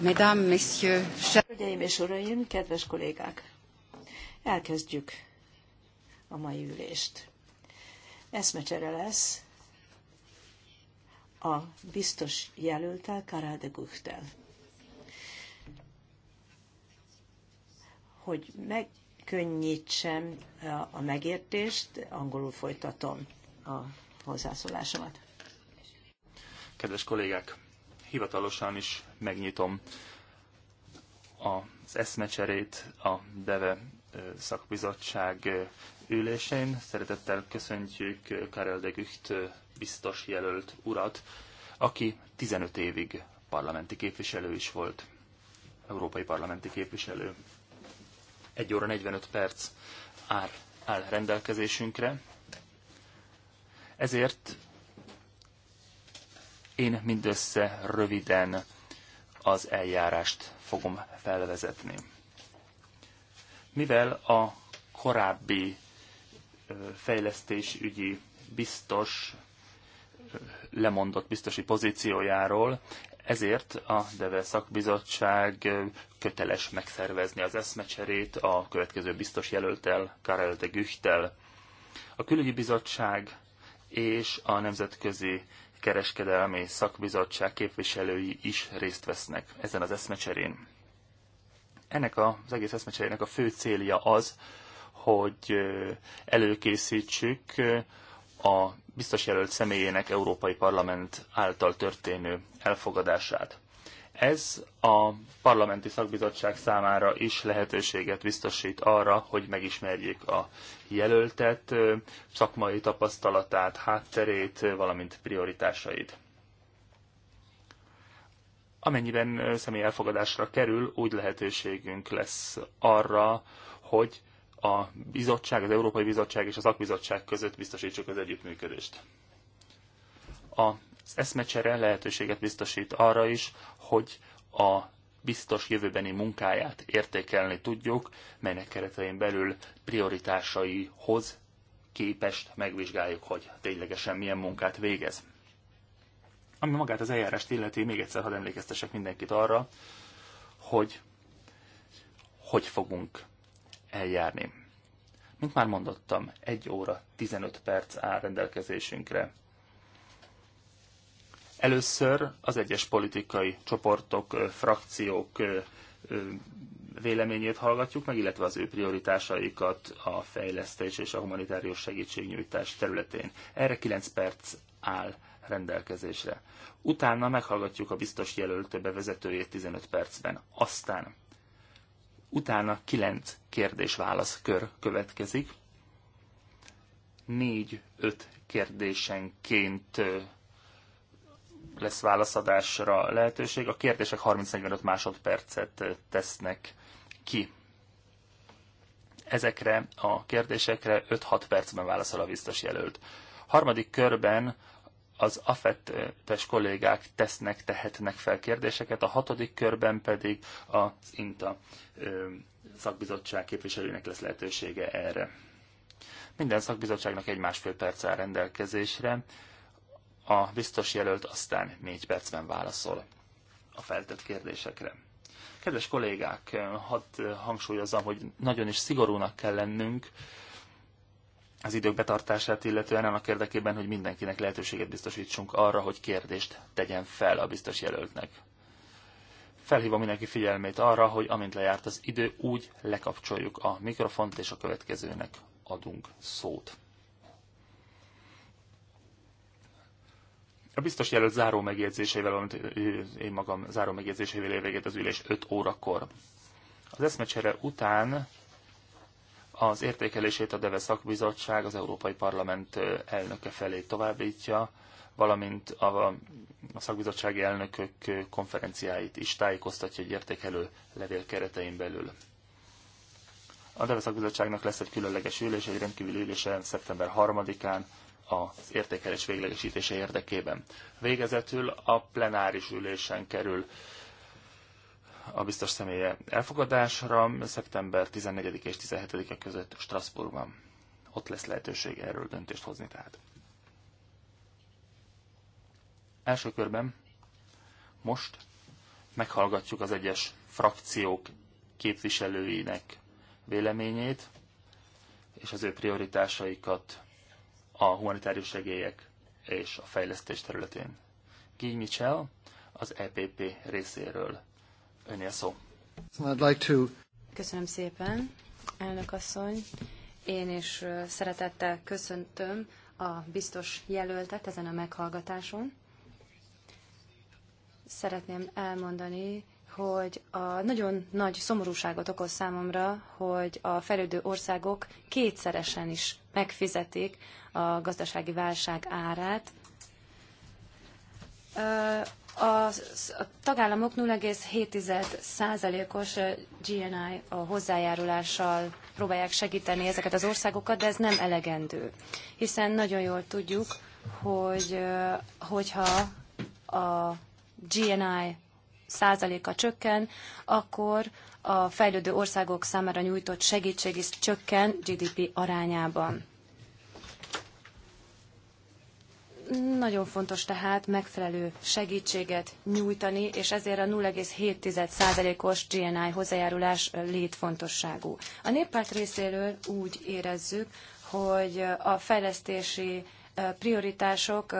Mesdames, Messieurs, Hölgyeim és Uraim, kedves kollégák! Elkezdjük a mai ülést. Eszmecsere lesz a biztos jelöltel Karáde Guchtel. Hogy megkönnyítsem a megértést, angolul folytatom a hozzászólásomat. Kedves kollégák! hivatalosan is megnyitom az eszmecserét a DEVE szakbizottság ülésén. Szeretettel köszöntjük Karel de Gucht biztos jelölt urat, aki 15 évig parlamenti képviselő is volt, európai parlamenti képviselő. 1 óra 45 perc áll, áll rendelkezésünkre. Ezért én mindössze röviden az eljárást fogom felvezetni. Mivel a korábbi fejlesztésügyi biztos lemondott biztosi pozíciójáról, ezért a Devel szakbizottság köteles megszervezni az eszmecserét a következő biztos jelöltel, Karel de Güchtel. A külügyi bizottság és a Nemzetközi kereskedelmi szakbizottság képviselői is részt vesznek ezen az eszmecserén. Ennek az egész eszmecserének a fő célja az, hogy előkészítsük a biztos jelölt személyének Európai Parlament által történő elfogadását. Ez a parlamenti szakbizottság számára is lehetőséget biztosít arra, hogy megismerjék a jelöltet, szakmai tapasztalatát, hátterét, valamint prioritásait. Amennyiben személy elfogadásra kerül, úgy lehetőségünk lesz arra, hogy a bizottság, az Európai Bizottság és a szakbizottság között biztosítsuk az együttműködést. A eszmecsere lehetőséget biztosít arra is, hogy a biztos jövőbeni munkáját értékelni tudjuk, melynek keretein belül prioritásaihoz képest megvizsgáljuk, hogy ténylegesen milyen munkát végez. Ami magát az eljárást illeti, még egyszer hadd emlékeztesek mindenkit arra, hogy hogy fogunk eljárni. Mint már mondottam, 1 óra 15 perc áll rendelkezésünkre Először az egyes politikai csoportok, frakciók véleményét hallgatjuk meg, illetve az ő prioritásaikat a fejlesztés és a humanitárius segítségnyújtás területén. Erre 9 perc áll rendelkezésre. Utána meghallgatjuk a biztos jelölt bevezetőjét 15 percben. Aztán utána 9 kérdés-válasz kör következik. 4-5 kérdésenként lesz válaszadásra lehetőség. A kérdések 30-45 másodpercet tesznek ki. Ezekre a kérdésekre 5-6 percben válaszol a biztos jelölt. Harmadik körben az afettes kollégák tesznek, tehetnek fel kérdéseket, a hatodik körben pedig az INTA szakbizottság képviselőnek lesz lehetősége erre. Minden szakbizottságnak egy másfél perc áll rendelkezésre. A biztos jelölt aztán négy percben válaszol a feltett kérdésekre. Kedves kollégák, hadd hangsúlyozzam, hogy nagyon is szigorúnak kell lennünk az idők betartását illetően annak érdekében, hogy mindenkinek lehetőséget biztosítsunk arra, hogy kérdést tegyen fel a biztos jelöltnek. Felhívom mindenki figyelmét arra, hogy amint lejárt az idő, úgy lekapcsoljuk a mikrofont, és a következőnek adunk szót. A biztos jelölt záró megjegyzéseivel, amit eh, én magam záró megjegyzéseivel érvégét az ülés 5 órakor. Az eszmecsere után az értékelését a Deve Szakbizottság az Európai Parlament eh, elnöke felé továbbítja, valamint a, a szakbizottsági elnökök eh, konferenciáit is tájékoztatja egy értékelő levél keretein belül. A Deve Szakbizottságnak lesz egy különleges ülés, egy rendkívüli ülése szeptember 3-án az értékelés véglegesítése érdekében. Végezetül a plenáris ülésen kerül a biztos személye elfogadásra szeptember 14 és 17-e között Strasbourgban. Ott lesz lehetőség erről döntést hozni tehát. Első körben most meghallgatjuk az egyes frakciók képviselőinek véleményét és az ő prioritásaikat a humanitárius segélyek és a fejlesztés területén. Guy Mitchell az EPP részéről. Önél szó. Köszönöm szépen, elnök asszony. Én is szeretettel köszöntöm a biztos jelöltet ezen a meghallgatáson. Szeretném elmondani, hogy a nagyon nagy szomorúságot okoz számomra, hogy a fejlődő országok kétszeresen is megfizetik a gazdasági válság árát. A tagállamok 0,7%-os GNI a hozzájárulással próbálják segíteni ezeket az országokat, de ez nem elegendő. Hiszen nagyon jól tudjuk, hogy hogyha a GNI százaléka csökken, akkor a fejlődő országok számára nyújtott segítség is csökken GDP arányában. Nagyon fontos tehát megfelelő segítséget nyújtani, és ezért a 0,7%-os GNI hozzájárulás létfontosságú. A néppárt részéről úgy érezzük, hogy a fejlesztési prioritások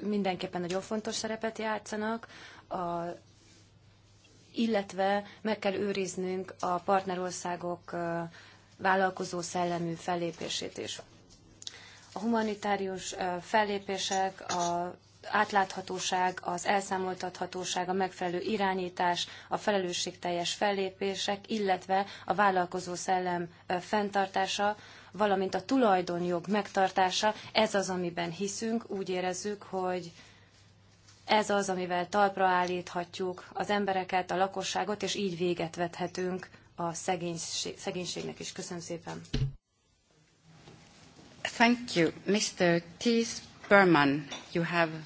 mindenképpen nagyon fontos szerepet játszanak, a illetve meg kell őriznünk a partnerországok vállalkozó szellemű fellépését is. A humanitárius fellépések, a átláthatóság, az elszámoltathatóság, a megfelelő irányítás, a felelősségteljes fellépések, illetve a vállalkozó szellem fenntartása, valamint a tulajdonjog megtartása, ez az, amiben hiszünk, úgy érezzük, hogy ez az, amivel talpra állíthatjuk az embereket, a lakosságot, és így véget vethetünk a szegénység, szegénységnek is. Köszönöm szépen. Thank you. Mr. Thies Berman, you have...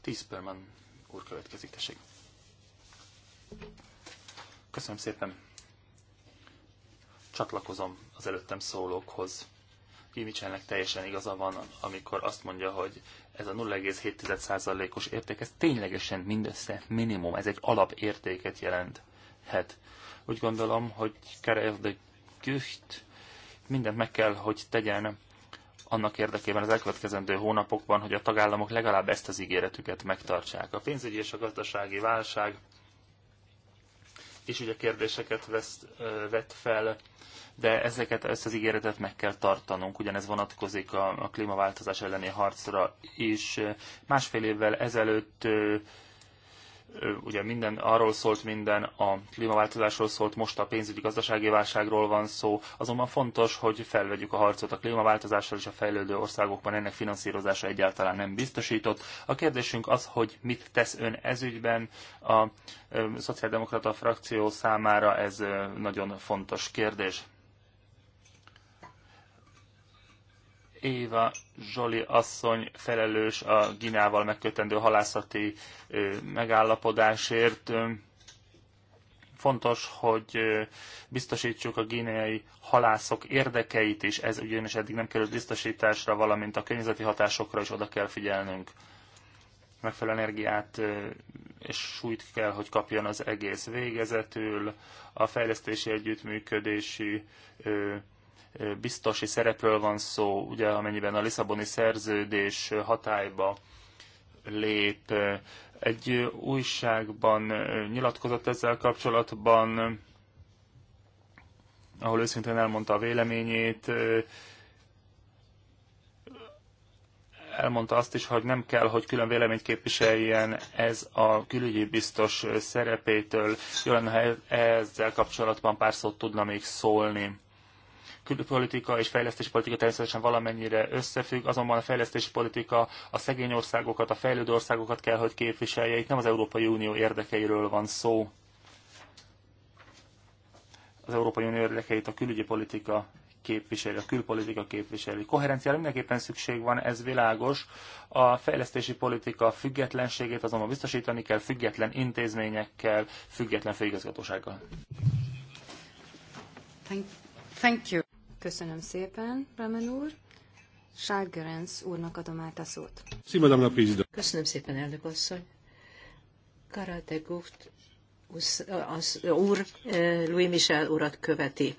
Thies Berman úr következik, tessék. Köszönöm szépen. Csatlakozom az előttem szólókhoz. Kimicsennek teljesen igaza van, amikor azt mondja, hogy ez a 0,7%-os érték, ez ténylegesen mindössze minimum, ez egy alapértéket Hát, Úgy gondolom, hogy Kerev de Gücht mindent meg kell, hogy tegyen annak érdekében az elkövetkezendő hónapokban, hogy a tagállamok legalább ezt az ígéretüket megtartsák. A pénzügyi és a gazdasági válság és ugye kérdéseket vesz, vett fel, de ezeket, ezt az ígéretet meg kell tartanunk, ugyanez vonatkozik a, a klímaváltozás elleni harcra is. Másfél évvel ezelőtt ugye minden arról szólt, minden a klímaváltozásról szólt, most a pénzügyi gazdasági válságról van szó, azonban fontos, hogy felvegyük a harcot a klímaváltozással, és a fejlődő országokban ennek finanszírozása egyáltalán nem biztosított. A kérdésünk az, hogy mit tesz ön ezügyben, a szociáldemokrata frakció számára ez nagyon fontos kérdés. Éva Zsoli asszony felelős a Ginával megkötendő halászati megállapodásért. Fontos, hogy biztosítsuk a gíneai halászok érdekeit is, ez ugyanis eddig nem került biztosításra, valamint a környezeti hatásokra is oda kell figyelnünk. Megfelelő energiát és súlyt kell, hogy kapjon az egész végezetül. A fejlesztési együttműködési biztosi szerepről van szó, ugye amennyiben a Lisszaboni szerződés hatályba lép. Egy újságban nyilatkozott ezzel kapcsolatban, ahol őszintén elmondta a véleményét, elmondta azt is, hogy nem kell, hogy külön véleményt képviseljen ez a külügyi biztos szerepétől. lenne, ha e- ezzel kapcsolatban pár szót tudna még szólni. Külpolitika és fejlesztési politika természetesen valamennyire összefügg, azonban a fejlesztési politika a szegény országokat, a fejlődő országokat kell, hogy képviselje. Itt nem az Európai Unió érdekeiről van szó. Az Európai Unió érdekeit a külügyi politika képviseli, a külpolitika képviseli. Koherenciára mindenképpen szükség van, ez világos. A fejlesztési politika függetlenségét azonban biztosítani kell független intézményekkel, független főigazgatósággal. Thank, you. Köszönöm szépen, Ramen úr. Sárgerenc úrnak adom át a szót. Köszönöm szépen, elnök asszony. de Gucht az úr eh, Louis Michel urat követi.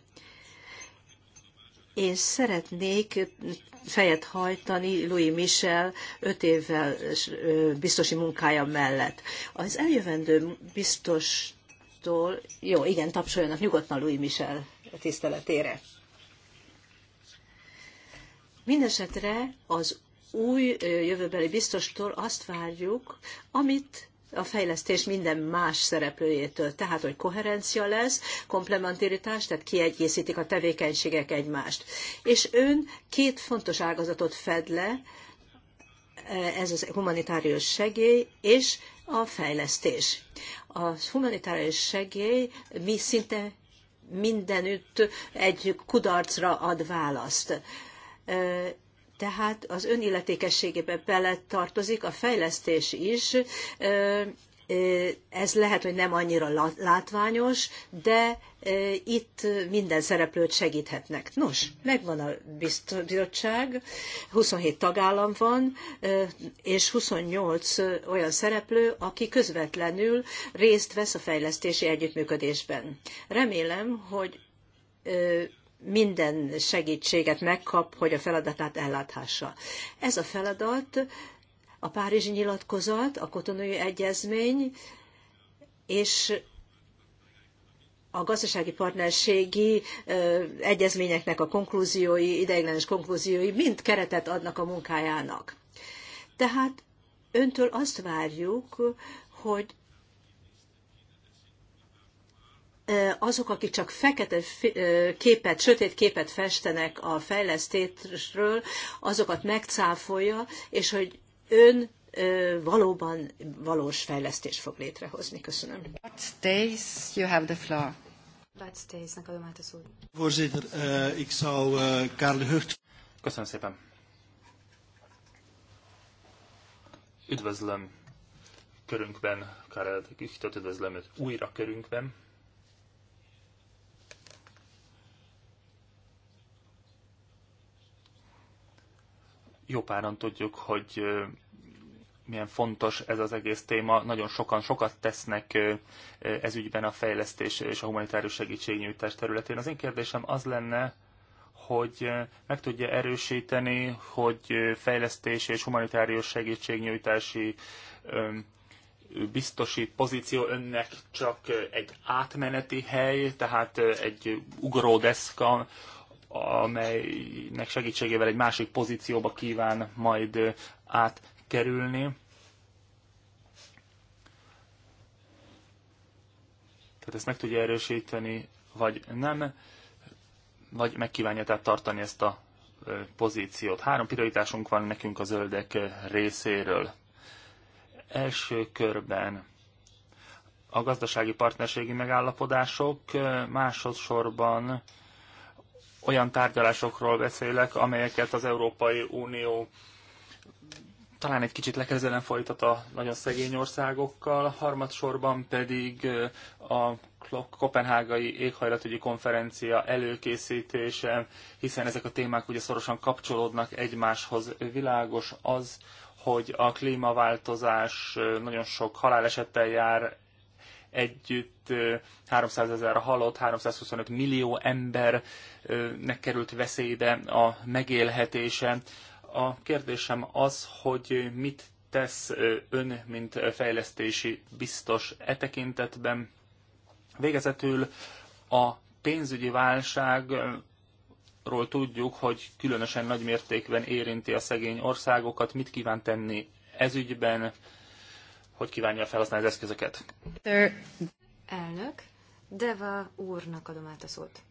Én szeretnék fejet hajtani Louis Michel öt évvel biztosi munkája mellett. Az eljövendő biztostól, jó, igen, tapsoljanak nyugodtan Louis Michel tiszteletére. Mindenesetre az új jövőbeli biztostól azt várjuk, amit a fejlesztés minden más szereplőjétől. Tehát, hogy koherencia lesz, komplementaritás, tehát kiegészítik a tevékenységek egymást. És ön két fontos ágazatot fed le, ez az humanitárius segély és a fejlesztés. A humanitárius segély mi szinte mindenütt egy kudarcra ad választ tehát az önilletékességébe bele tartozik a fejlesztés is. Ez lehet, hogy nem annyira látványos, de itt minden szereplőt segíthetnek. Nos, megvan a bizottság, 27 tagállam van, és 28 olyan szereplő, aki közvetlenül részt vesz a fejlesztési együttműködésben. Remélem, hogy minden segítséget megkap, hogy a feladatát elláthassa. Ez a feladat a Párizsi nyilatkozat, a kotonói egyezmény és a gazdasági partnerségi egyezményeknek a konklúziói, ideiglenes konklúziói mind keretet adnak a munkájának. Tehát öntől azt várjuk, hogy azok, akik csak fekete képet, sötét képet festenek a fejlesztésről, azokat megcáfolja, és hogy ön valóban valós fejlesztést fog létrehozni. Köszönöm. What Stays, you have the floor. What days? adom át a szót. Voorzitter, uh, ik zou uh, eh, Karl Hucht... Köszönöm szépen. Üdvözlöm körünkben, Karel Hüchtöt, üdvözlöm őt újra körünkben. jó páran tudjuk, hogy milyen fontos ez az egész téma. Nagyon sokan sokat tesznek ez ügyben a fejlesztés és a humanitárius segítségnyújtás területén. Az én kérdésem az lenne, hogy meg tudja erősíteni, hogy fejlesztés és humanitárius segítségnyújtási biztosít pozíció önnek csak egy átmeneti hely, tehát egy ugródeszka amelynek segítségével egy másik pozícióba kíván majd átkerülni. Tehát ezt meg tudja erősíteni, vagy nem, vagy megkívánja tehát tartani ezt a pozíciót. Három prioritásunk van nekünk a zöldek részéről. Első körben a gazdasági partnerségi megállapodások, másodszorban olyan tárgyalásokról beszélek, amelyeket az Európai Unió talán egy kicsit lekezelen folytat a nagyon szegény országokkal, harmadsorban pedig a kopenhágai éghajlatügyi konferencia előkészítése, hiszen ezek a témák ugye szorosan kapcsolódnak egymáshoz. Világos az, hogy a klímaváltozás nagyon sok halálesettel jár, együtt 300 ezer halott, 325 millió embernek került veszélybe a megélhetése. A kérdésem az, hogy mit tesz ön, mint fejlesztési biztos e tekintetben. Végezetül a pénzügyi válság ról tudjuk, hogy különösen nagy mértékben érinti a szegény országokat. Mit kíván tenni ez ügyben? hogy kívánja felhasználni az eszközöket. Elnök, Deva úrnak adom át a szót.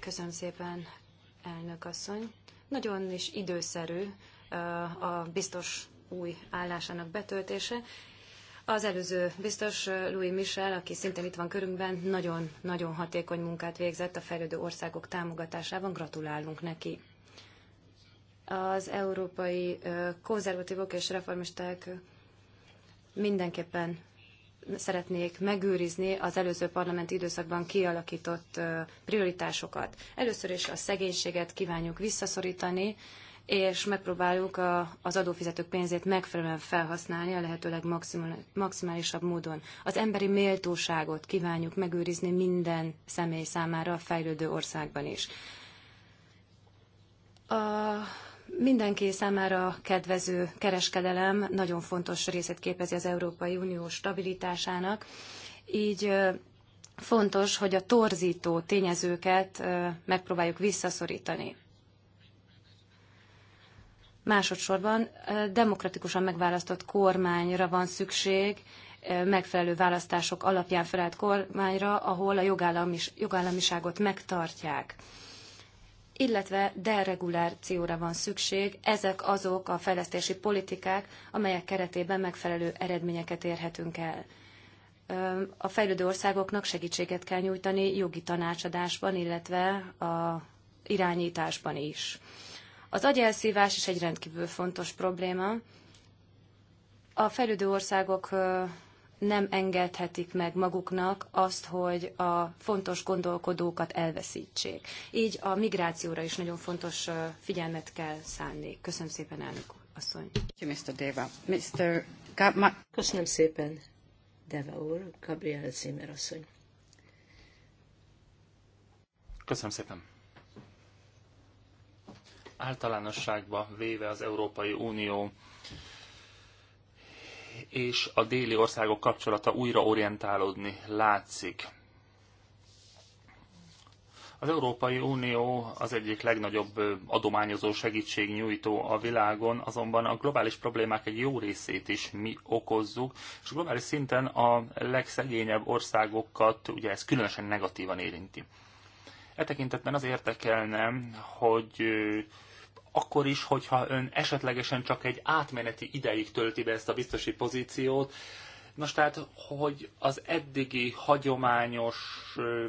Köszönöm szépen, elnök asszony. Nagyon is időszerű uh, a biztos új állásának betöltése. Az előző biztos uh, Louis Michel, aki szintén itt van körünkben, nagyon-nagyon hatékony munkát végzett a fejlődő országok támogatásában. Gratulálunk neki. Az európai uh, konzervatívok és reformisták mindenképpen szeretnék megőrizni az előző parlament időszakban kialakított prioritásokat. Először is a szegénységet kívánjuk visszaszorítani, és megpróbáljuk a, az adófizetők pénzét megfelelően felhasználni a lehetőleg maximálisabb módon. Az emberi méltóságot kívánjuk megőrizni minden személy számára a fejlődő országban is. A Mindenki számára kedvező kereskedelem nagyon fontos részét képezi az Európai Unió stabilitásának, így fontos, hogy a torzító tényezőket megpróbáljuk visszaszorítani. Másodszorban demokratikusan megválasztott kormányra van szükség, megfelelő választások alapján felelt kormányra, ahol a jogállam jogállamiságot megtartják illetve deregulációra van szükség. Ezek azok a fejlesztési politikák, amelyek keretében megfelelő eredményeket érhetünk el. A fejlődő országoknak segítséget kell nyújtani jogi tanácsadásban, illetve a irányításban is. Az agyelszívás is egy rendkívül fontos probléma. A fejlődő országok nem engedhetik meg maguknak azt, hogy a fontos gondolkodókat elveszítsék. Így a migrációra is nagyon fontos figyelmet kell szánni. Köszönöm szépen, elnök asszony. Mr. Deva. Mr. Köszönöm szépen, Deva úr, Gabriel Zimmer asszony. Köszönöm szépen. Általánosságban véve az Európai Unió és a déli országok kapcsolata újra orientálódni látszik. Az Európai Unió az egyik legnagyobb adományozó segítségnyújtó a világon, azonban a globális problémák egy jó részét is mi okozzuk, és globális szinten a legszegényebb országokat ugye ez különösen negatívan érinti. E tekintetben az érdekelne, hogy akkor is, hogyha ön esetlegesen csak egy átmeneti ideig tölti be ezt a biztosi pozíciót, Nos, tehát, hogy az eddigi hagyományos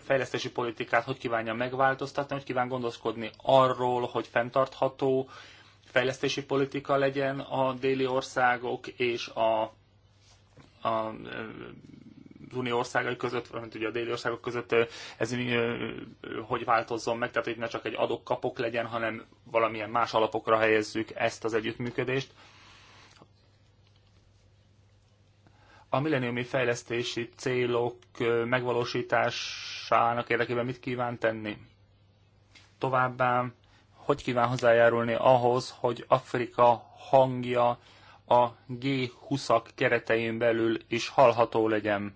fejlesztési politikát hogy kívánja megváltoztatni, hogy kíván gondoskodni arról, hogy fenntartható fejlesztési politika legyen a déli országok és a, a Unió országai között, mint ugye a déli országok között ez hogy változzon meg, tehát hogy ne csak egy adok-kapok legyen, hanem valamilyen más alapokra helyezzük ezt az együttműködést. a milleniumi fejlesztési célok megvalósításának érdekében mit kíván tenni? Továbbá, hogy kíván hozzájárulni ahhoz, hogy Afrika hangja a G20-ak keretein belül is hallható legyen?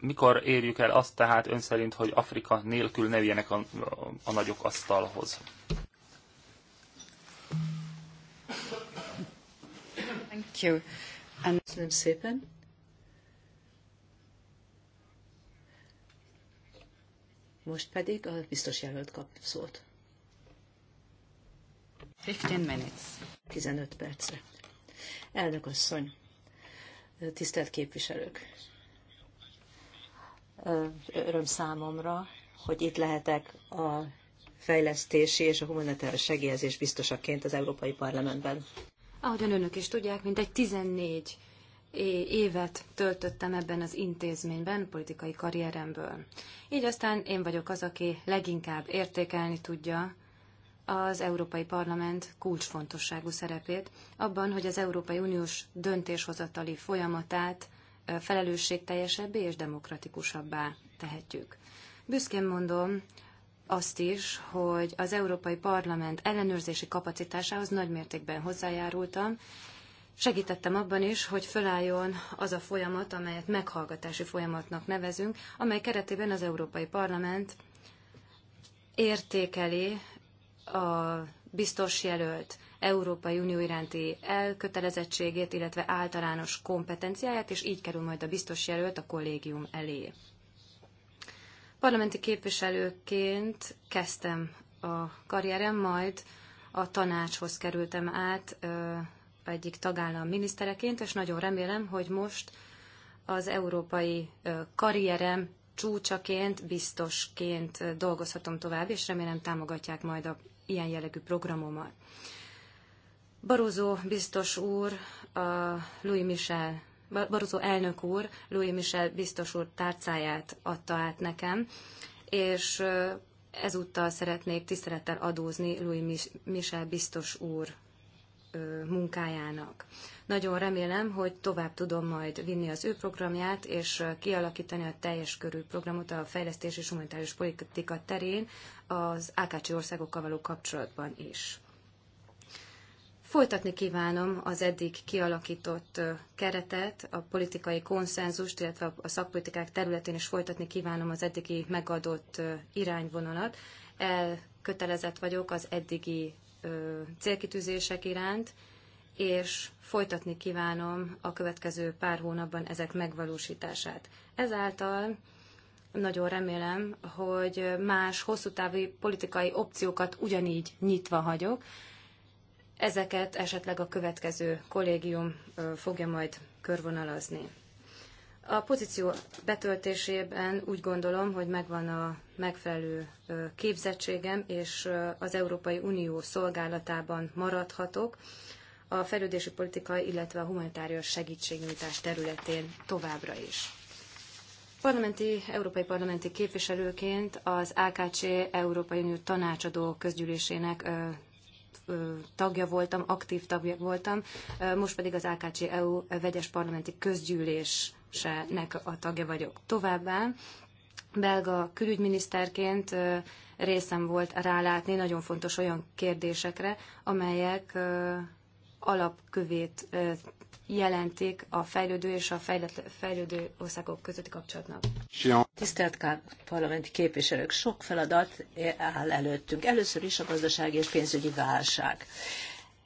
mikor érjük el azt tehát ön szerint, hogy Afrika nélkül ne a, a nagyok asztalhoz? Thank you. And... Köszönöm szépen. Most pedig a biztos jelölt kap szót. 15 minutes. 15 percre. Elnök asszony, tisztelt képviselők! öröm számomra, hogy itt lehetek a fejlesztési és a humanitárius segélyezés biztosaként az Európai Parlamentben. Ahogyan önök is tudják, egy 14 évet töltöttem ebben az intézményben, politikai karrieremből. Így aztán én vagyok az, aki leginkább értékelni tudja az Európai Parlament kulcsfontosságú szerepét abban, hogy az Európai Uniós döntéshozatali folyamatát felelősségteljesebbé és demokratikusabbá tehetjük. Büszkén mondom azt is, hogy az Európai Parlament ellenőrzési kapacitásához nagymértékben hozzájárultam, Segítettem abban is, hogy fölálljon az a folyamat, amelyet meghallgatási folyamatnak nevezünk, amely keretében az Európai Parlament értékeli a biztos jelölt Európai Unió iránti elkötelezettségét, illetve általános kompetenciáját, és így kerül majd a biztos jelölt a kollégium elé. Parlamenti képviselőként kezdtem a karrierem, majd a tanácshoz kerültem át egyik tagállam minisztereként, és nagyon remélem, hogy most az európai karrierem csúcsaként, biztosként dolgozhatom tovább, és remélem támogatják majd a ilyen jellegű programomat. Barozó biztos úr, a Louis Michel, Barozó elnök úr, Louis Michel biztos úr tárcáját adta át nekem, és ezúttal szeretnék tisztelettel adózni Louis Michel biztos úr munkájának. Nagyon remélem, hogy tovább tudom majd vinni az ő programját, és kialakítani a teljes körű programot a fejlesztés és humanitárius politika terén az Ákácsi országokkal való kapcsolatban is. Folytatni kívánom az eddig kialakított keretet, a politikai konszenzust, illetve a szakpolitikák területén is folytatni kívánom az eddigi megadott irányvonalat. Elkötelezett vagyok az eddigi célkitűzések iránt, és folytatni kívánom a következő pár hónapban ezek megvalósítását. Ezáltal nagyon remélem, hogy más hosszú távú politikai opciókat ugyanígy nyitva hagyok, Ezeket esetleg a következő kollégium fogja majd körvonalazni. A pozíció betöltésében úgy gondolom, hogy megvan a megfelelő képzettségem, és az Európai Unió szolgálatában maradhatok a fejlődési politika, illetve a humanitárius segítségnyújtás területén továbbra is. Parlamenti, európai parlamenti képviselőként az AKC Európai Unió tanácsadó közgyűlésének tagja voltam, aktív tagja voltam, most pedig az AKC EU vegyes parlamenti közgyűlésnek a tagja vagyok. Továbbá belga külügyminiszterként részem volt rálátni nagyon fontos olyan kérdésekre, amelyek alapkövét jelentik a fejlődő és a fejlődő országok közötti kapcsolatnak. Tisztelt parlamenti képviselők, sok feladat áll előttünk. Először is a gazdasági és pénzügyi válság.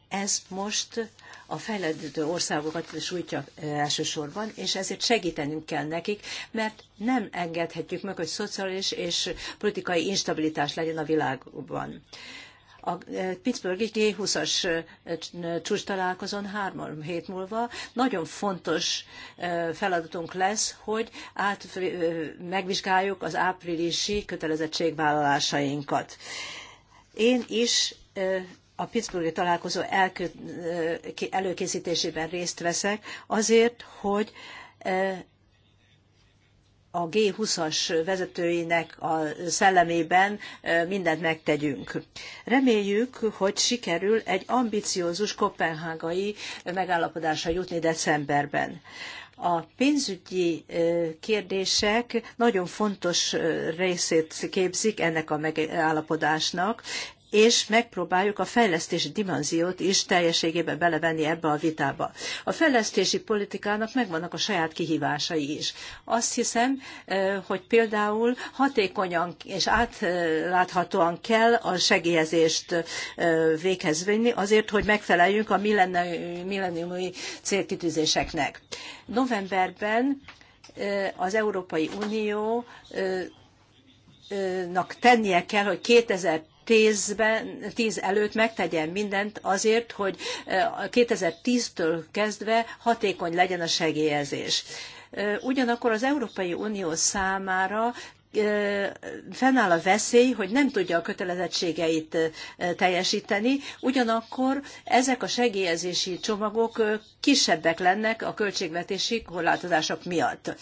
Ez most a fejlődő országokat sújtja elsősorban, és ezért segítenünk kell nekik, mert nem engedhetjük meg, hogy szociális és politikai instabilitás legyen a világban a e, Pittsburghi G20-as e, csúcs találkozón három hét múlva nagyon fontos e, feladatunk lesz, hogy át, megvizsgáljuk az áprilisi kötelezettségvállalásainkat. Én is a Pittsburghi találkozó előkészítésében részt veszek azért, hogy a G20-as vezetőinek a szellemében mindent megtegyünk. Reméljük, hogy sikerül egy ambiciózus kopenhágai megállapodásra jutni decemberben. A pénzügyi kérdések nagyon fontos részét képzik ennek a megállapodásnak, és megpróbáljuk a fejlesztési dimenziót is teljességében belevenni ebbe a vitába. A fejlesztési politikának megvannak a saját kihívásai is. Azt hiszem, eh, hogy például hatékonyan és átláthatóan kell a segélyezést eh, véghez vinni azért, hogy megfeleljünk a milleniumi célkitűzéseknek. Novemberben eh, az Európai Unió nak tennie kell, hogy 2000 2010-ben, 10 előtt megtegyen mindent azért, hogy 2010-től eh, kezdve hatékony legyen a segélyezés. Eh, ugyanakkor az Európai Unió számára eh, fennáll a veszély, hogy nem tudja a kötelezettségeit teljesíteni, ugyanakkor ezek a segélyezési csomagok kisebbek lennek a költségvetési korlátozások miatt.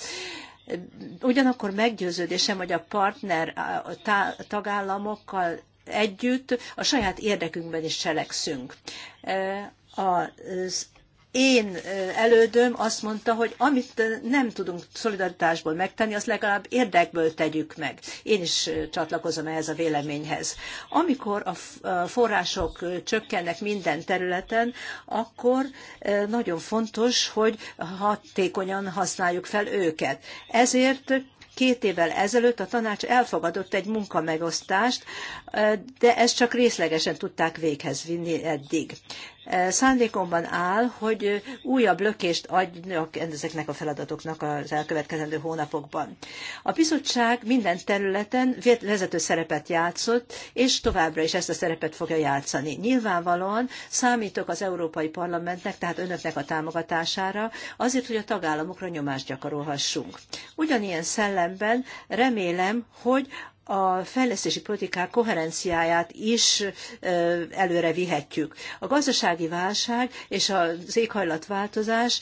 Ugyanakkor meggyőződésem, hogy a partner a tagállamokkal együtt a saját érdekünkben is cselekszünk. E, az én e, elődöm azt mondta, hogy amit nem tudunk szolidaritásból megtenni, azt legalább érdekből tegyük meg. Én is e, csatlakozom ehhez a véleményhez. Amikor a források csökkennek minden területen, akkor nagyon fontos, hogy hatékonyan használjuk fel őket. Ezért Két évvel ezelőtt a tanács elfogadott egy munkamegosztást, de ezt csak részlegesen tudták véghez vinni eddig szándékomban áll, hogy újabb lökést adjak ezeknek a feladatoknak az elkövetkezendő hónapokban. A bizottság minden területen vezető szerepet játszott, és továbbra is ezt a szerepet fogja játszani. Nyilvánvalóan számítok az Európai Parlamentnek, tehát önöknek a támogatására, azért, hogy a tagállamokra nyomást gyakorolhassunk. Ugyanilyen szellemben remélem, hogy a fejlesztési politikák koherenciáját is előre vihetjük. A gazdasági válság és az éghajlatváltozás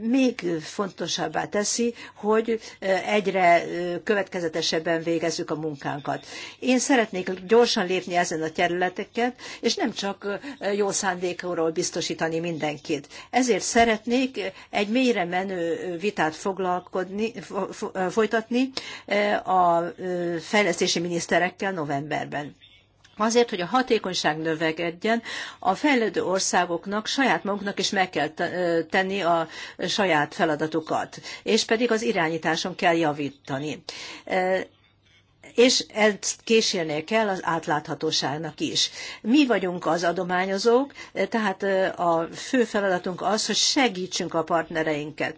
még fontosabbá teszi, hogy egyre következetesebben végezzük a munkánkat. Én szeretnék gyorsan lépni ezen a területeken, és nem csak jó szándékról biztosítani mindenkit. Ezért szeretnék egy mélyre menő vitát foglalkodni, folytatni a fejlesztési fejlesztési miniszterekkel novemberben. Azért, hogy a hatékonyság növekedjen, a fejlődő országoknak saját maguknak is meg kell tenni a saját feladatukat, és pedig az irányításon kell javítani és ezt késélnie kell az átláthatóságnak is. Mi vagyunk az adományozók, tehát a fő feladatunk az, hogy segítsünk a partnereinket.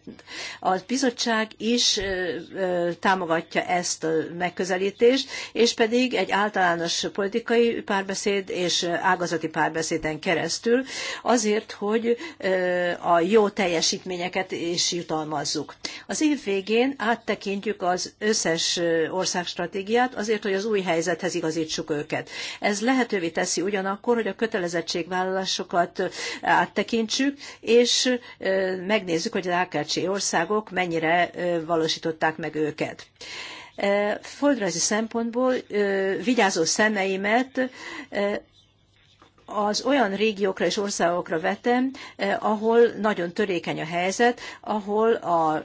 A bizottság is támogatja ezt a megközelítést, és pedig egy általános politikai párbeszéd és ágazati párbeszéden keresztül azért, hogy a jó teljesítményeket is jutalmazzuk. Az év végén áttekintjük az összes országstratégiát, energiát azért, hogy az új helyzethez igazítsuk őket. Ez lehetővé teszi ugyanakkor, hogy a kötelezettségvállalásokat áttekintsük, és megnézzük, hogy az AKC országok mennyire valósították meg őket földrajzi szempontból vigyázó szemeimet az olyan régiókra és országokra vetem, eh, ahol nagyon törékeny a helyzet, ahol a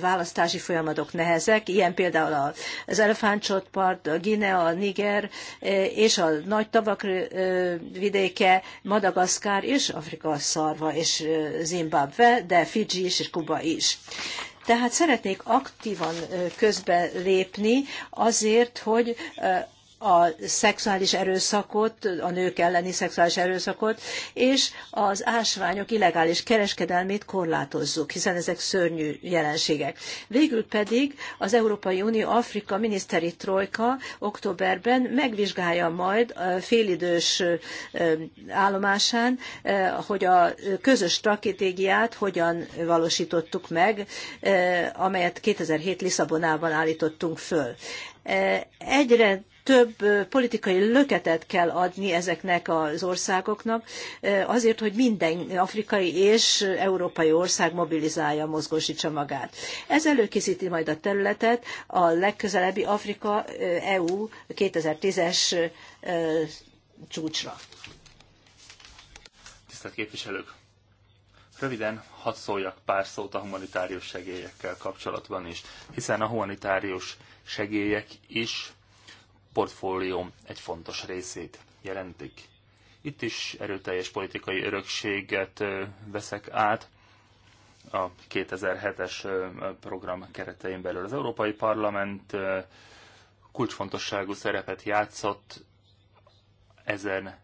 választási folyamatok nehezek, ilyen például az Elefántcsontpart, Guinea, Niger eh, és a nagy tavak vidéke, Madagaszkár és Afrika szarva és Zimbabwe, de Fidzsi is és Kuba is. Tehát szeretnék aktívan közbe lépni azért, hogy a szexuális erőszakot, a nők elleni szexuális erőszakot, és az ásványok illegális kereskedelmét korlátozzuk, hiszen ezek szörnyű jelenségek. Végül pedig az Európai Unió Afrika miniszteri trojka októberben megvizsgálja majd a félidős állomásán, hogy a közös stratégiát hogyan valósítottuk meg, amelyet 2007 Lisszabonában állítottunk föl egyre több politikai löketet kell adni ezeknek az országoknak, azért, hogy minden afrikai és európai ország mobilizálja, mozgósítsa magát. Ez előkészíti majd a területet a legközelebbi Afrika EU 2010-es csúcsra. Tisztelt képviselők! Röviden hadd szóljak pár szót a humanitárius segélyekkel kapcsolatban is, hiszen a humanitárius segélyek is portfólióm egy fontos részét jelentik. Itt is erőteljes politikai örökséget veszek át a 2007-es program keretein belül. Az Európai Parlament kulcsfontosságú szerepet játszott ezen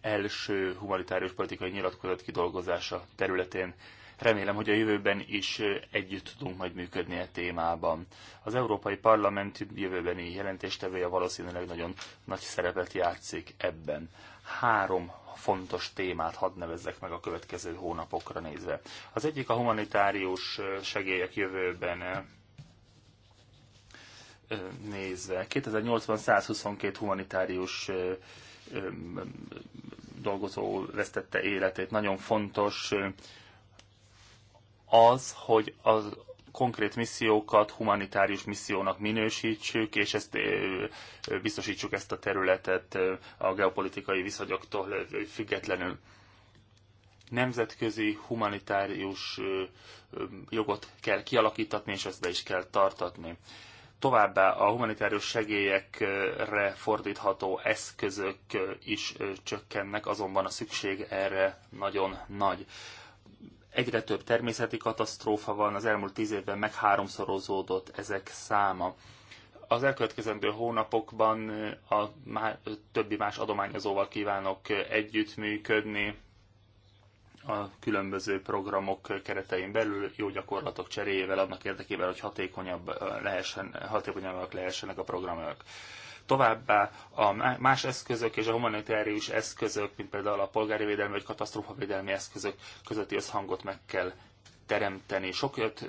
első humanitárius politikai nyilatkozat kidolgozása területén. Remélem, hogy a jövőben is együtt tudunk majd működni a e témában. Az Európai Parlament jövőbeni jelentéstevője valószínűleg nagyon nagy szerepet játszik ebben. Három fontos témát hadd nevezzek meg a következő hónapokra nézve. Az egyik a humanitárius segélyek jövőben nézve. 2080 122 humanitárius dolgozó vesztette életét. Nagyon fontos az, hogy az konkrét missziókat humanitárius missziónak minősítsük, és ezt biztosítsuk ezt a területet a geopolitikai viszonyoktól függetlenül. Nemzetközi humanitárius jogot kell kialakítatni, és ezt be is kell tartatni. Továbbá a humanitárius segélyekre fordítható eszközök is csökkennek, azonban a szükség erre nagyon nagy egyre több természeti katasztrófa van, az elmúlt tíz évben megháromszorozódott ezek száma. Az elkövetkezendő hónapokban a többi más adományozóval kívánok együttműködni a különböző programok keretein belül jó gyakorlatok cseréjével annak érdekében, hogy hatékonyabb lehessen, hatékonyabbak lehessenek a programok. Továbbá a más eszközök és a humanitárius eszközök, mint például a polgári védelmi vagy katasztrófavédelmi eszközök közötti összhangot meg kell teremteni. Sokat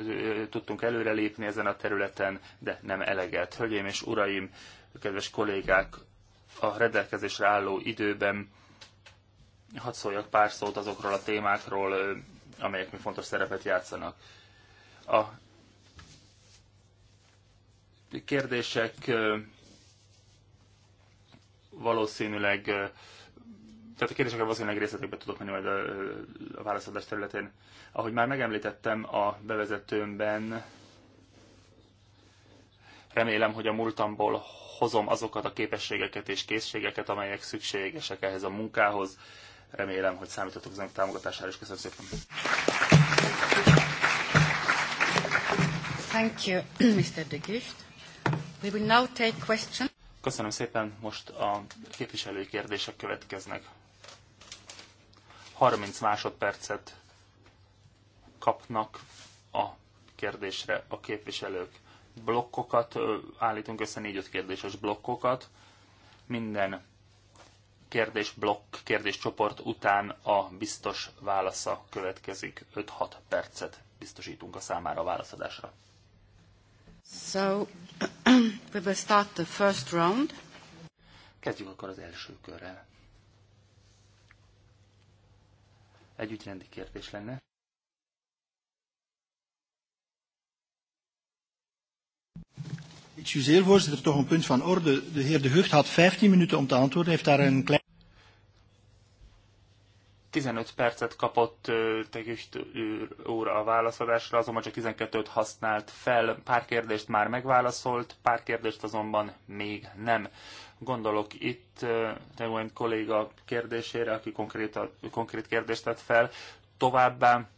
tudtunk előrelépni ezen a területen, de nem eleget. Hölgyeim és uraim, kedves kollégák, a rendelkezésre álló időben hadd szóljak pár szót azokról a témákról, amelyek mi fontos szerepet játszanak. A kérdések valószínűleg, tehát a kérdésekre valószínűleg részletekbe tudok menni majd a, a válaszadás területén. Ahogy már megemlítettem a bevezetőmben, remélem, hogy a múltamból hozom azokat a képességeket és készségeket, amelyek szükségesek ehhez a munkához. Remélem, hogy számítatok az támogatására, és köszönöm szépen. Thank you, Mr. De Gucht. We will now take questions. Köszönöm szépen, most a képviselői kérdések következnek. 30 másodpercet kapnak a kérdésre a képviselők. Blokkokat állítunk össze, 4-5 kérdéses blokkokat. Minden kérdés kérdés csoport után a biztos válasza következik. 5-6 percet biztosítunk a számára a válaszadásra. So, we will start the first round. Kezdjük akkor az első körrel. Egy ügyrendi kérdés lenne. Excuseer, voorzitter, toch een punt van orde. De heer De Hucht had 15 minuten om te antwoorden, heeft daar een klein... 15 percet kapott tekist óra a válaszadásra, azonban csak 12-t használt fel. Pár kérdést már megválaszolt, pár kérdést azonban még nem. Gondolok itt Teguen kolléga kérdésére, aki konkrét, konkrét kérdést tett fel. Továbbá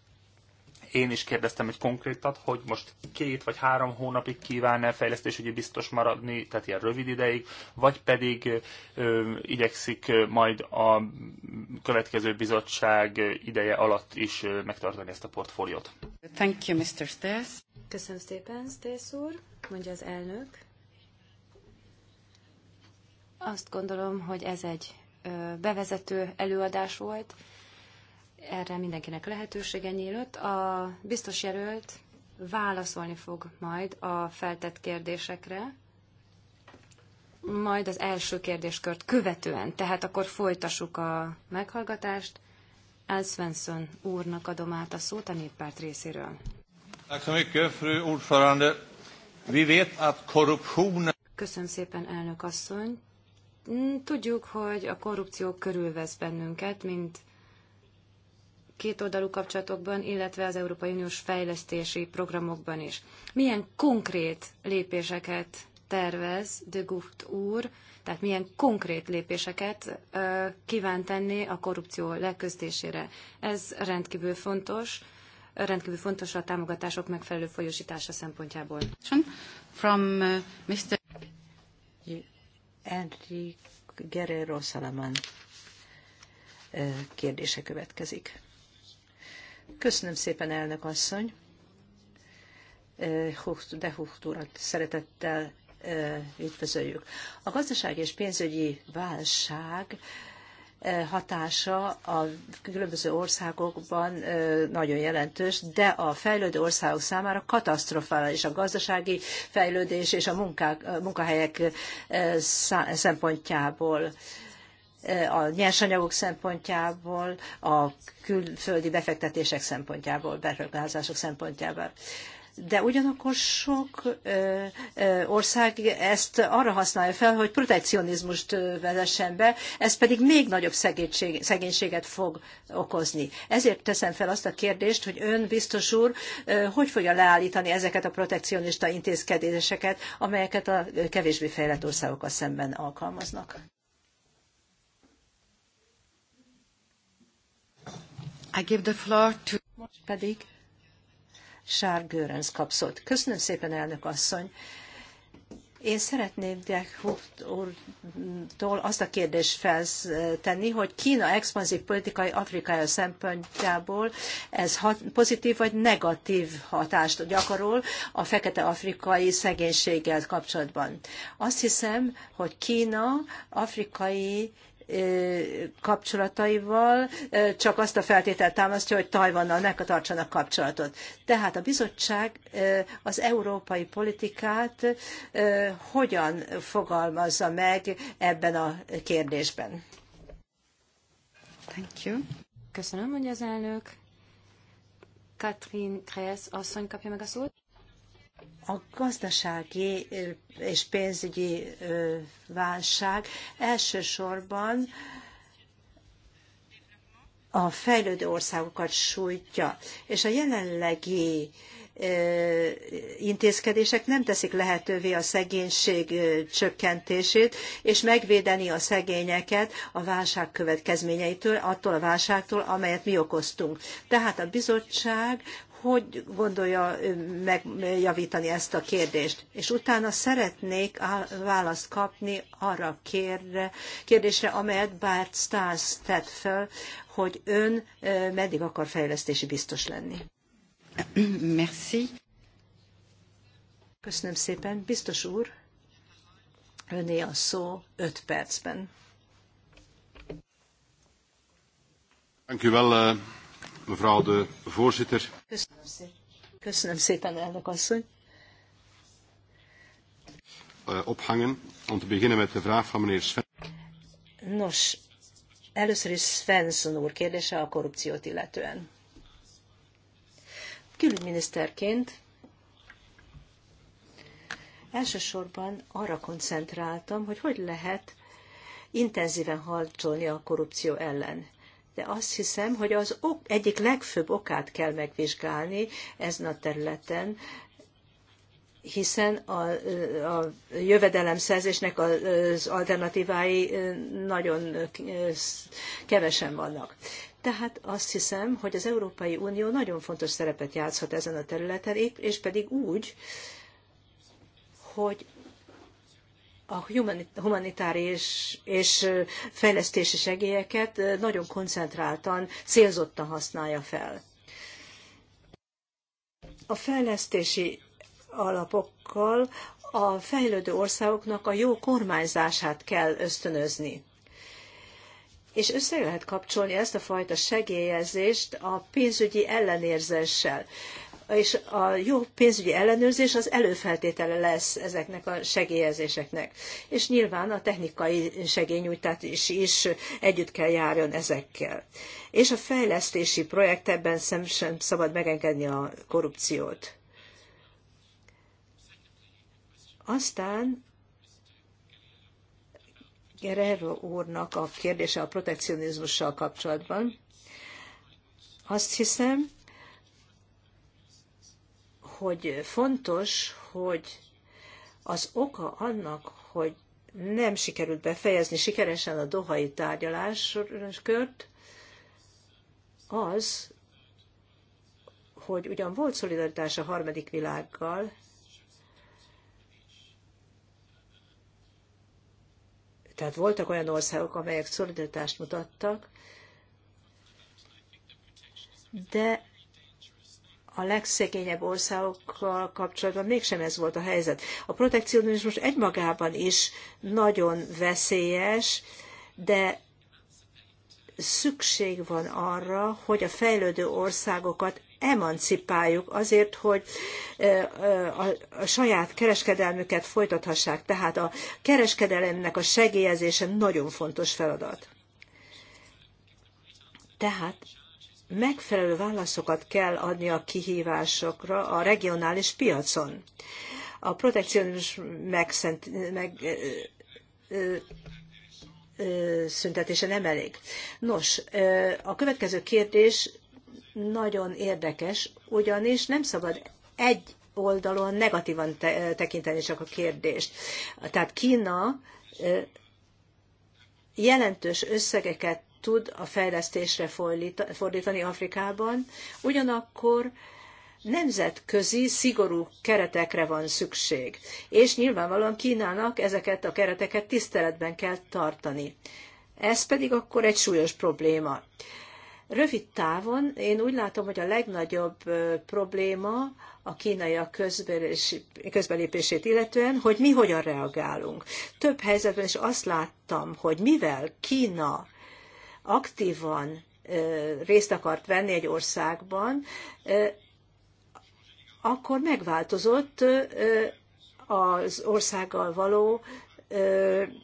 én is kérdeztem egy konkrétat, hogy most két vagy három hónapig kíván-e fejlesztésügyi biztos maradni, tehát ilyen rövid ideig, vagy pedig ö, igyekszik majd a következő bizottság ideje alatt is megtartani ezt a portfóliót. Thank you, Mr. Stess. Köszönöm szépen, Stess úr, mondja az elnök. Azt gondolom, hogy ez egy bevezető előadás volt erre mindenkinek lehetősége nyílt. A biztos jelölt válaszolni fog majd a feltett kérdésekre, majd az első kérdéskört követően, tehát akkor folytassuk a meghallgatást. El Svensson úrnak adom át a szót a néppárt részéről. Köszönöm szépen, elnök asszony. Tudjuk, hogy a korrupció körülvesz bennünket, mint kétoldalú kapcsolatokban, illetve az Európai Uniós fejlesztési programokban is. Milyen konkrét lépéseket tervez de Gucht úr, tehát milyen konkrét lépéseket ö, kíván tenni a korrupció leküzdésére. Ez rendkívül fontos, rendkívül fontos a támogatások megfelelő folyosítása szempontjából. From uh, Mr. Enrique Guerrero Salaman kérdése következik. Köszönöm szépen, elnök asszony. De Huchtúrat szeretettel üdvözöljük. A gazdasági és pénzügyi válság hatása a különböző országokban nagyon jelentős, de a fejlődő országok számára katasztrofális a gazdasági fejlődés és a munkák, munkahelyek szempontjából a nyersanyagok szempontjából, a külföldi befektetések szempontjából, beruházások szempontjából. De ugyanakkor sok ö, ö, ország ezt arra használja fel, hogy protekcionizmust vezessen be, ez pedig még nagyobb szegénység, szegénységet fog okozni. Ezért teszem fel azt a kérdést, hogy ön, biztos úr, ö, hogy fogja leállítani ezeket a protekcionista intézkedéseket, amelyeket a kevésbé fejlett országokkal szemben alkalmaznak? I give the floor to... Most pedig Sár Görönc kapszott. Köszönöm szépen, elnök asszony. Én szeretném de úrtól azt a kérdést feltenni, hogy Kína expanzív politikai Afrikája szempontjából ez hat, pozitív vagy negatív hatást gyakorol a fekete afrikai szegénységgel kapcsolatban. Azt hiszem, hogy Kína afrikai kapcsolataival, csak azt a feltételt támasztja, hogy Tajvannal ne tartsanak kapcsolatot. Tehát a bizottság az európai politikát hogyan fogalmazza meg ebben a kérdésben? Thank you. Köszönöm, hogy az elnök. Katrin asszony kapja meg a szót a gazdasági és pénzügyi válság elsősorban a fejlődő országokat sújtja, és a jelenlegi intézkedések nem teszik lehetővé a szegénység csökkentését, és megvédeni a szegényeket a válság következményeitől, attól a válságtól, amelyet mi okoztunk. Tehát a bizottság hogy gondolja megjavítani ezt a kérdést. És utána szeretnék választ kapni arra a kérdésre, amelyet Bart Stars tett fel, hogy ön meddig akar fejlesztési biztos lenni. Merci. Köszönöm szépen. Biztos úr, öné a szó öt percben. Dank uh mevrouw de voorzitter. Köszönöm szépen, Köszönöm szépen elnök asszony. Eh, ophangen, om te beginnen met de vraag van meneer Sven. Nos, először is Svensson úr kérdése a korrupciót illetően. Külügyminiszterként elsősorban arra koncentráltam, hogy hogy lehet intenzíven harcolni a korrupció ellen de azt hiszem, hogy az ok, egyik legfőbb okát kell megvizsgálni ezen a területen, hiszen a, a jövedelemszerzésnek az alternatívái nagyon kevesen vannak. Tehát azt hiszem, hogy az Európai Unió nagyon fontos szerepet játszhat ezen a területen, és pedig úgy, hogy a humanitárius és fejlesztési segélyeket nagyon koncentráltan, célzottan használja fel. A fejlesztési alapokkal a fejlődő országoknak a jó kormányzását kell ösztönözni. És össze lehet kapcsolni ezt a fajta segélyezést a pénzügyi ellenérzéssel és a jó pénzügyi ellenőrzés az előfeltétele lesz ezeknek a segélyezéseknek. És nyilván a technikai segélynyújtás is, is együtt kell járjon ezekkel. És a fejlesztési projektekben sem, sem szabad megengedni a korrupciót. Aztán Guerrero úrnak a kérdése a protekcionizmussal kapcsolatban. Azt hiszem, hogy fontos, hogy az oka annak, hogy nem sikerült befejezni sikeresen a dohai tárgyaláskört, az, hogy ugyan volt szolidaritás a harmadik világgal, tehát voltak olyan országok, amelyek szolidaritást mutattak, de a legszegényebb országokkal kapcsolatban mégsem ez volt a helyzet. A protekcionizmus egymagában is nagyon veszélyes, de szükség van arra, hogy a fejlődő országokat emancipáljuk azért, hogy a saját kereskedelmüket folytathassák. Tehát a kereskedelemnek a segélyezése nagyon fontos feladat. Tehát megfelelő válaszokat kell adni a kihívásokra a regionális piacon. A protekcionizmus megszent, meg, ö, ö, szüntetése nem elég. Nos, a következő kérdés nagyon érdekes, ugyanis nem szabad egy oldalon negatívan te, tekinteni csak a kérdést. Tehát Kína jelentős összegeket tud a fejlesztésre fordítani Afrikában, ugyanakkor nemzetközi, szigorú keretekre van szükség. És nyilvánvalóan Kínának ezeket a kereteket tiszteletben kell tartani. Ez pedig akkor egy súlyos probléma. Rövid távon én úgy látom, hogy a legnagyobb probléma a kínaiak közbelépését illetően, hogy mi hogyan reagálunk. Több helyzetben is azt láttam, hogy mivel Kína aktívan részt akart venni egy országban, akkor megváltozott az országgal való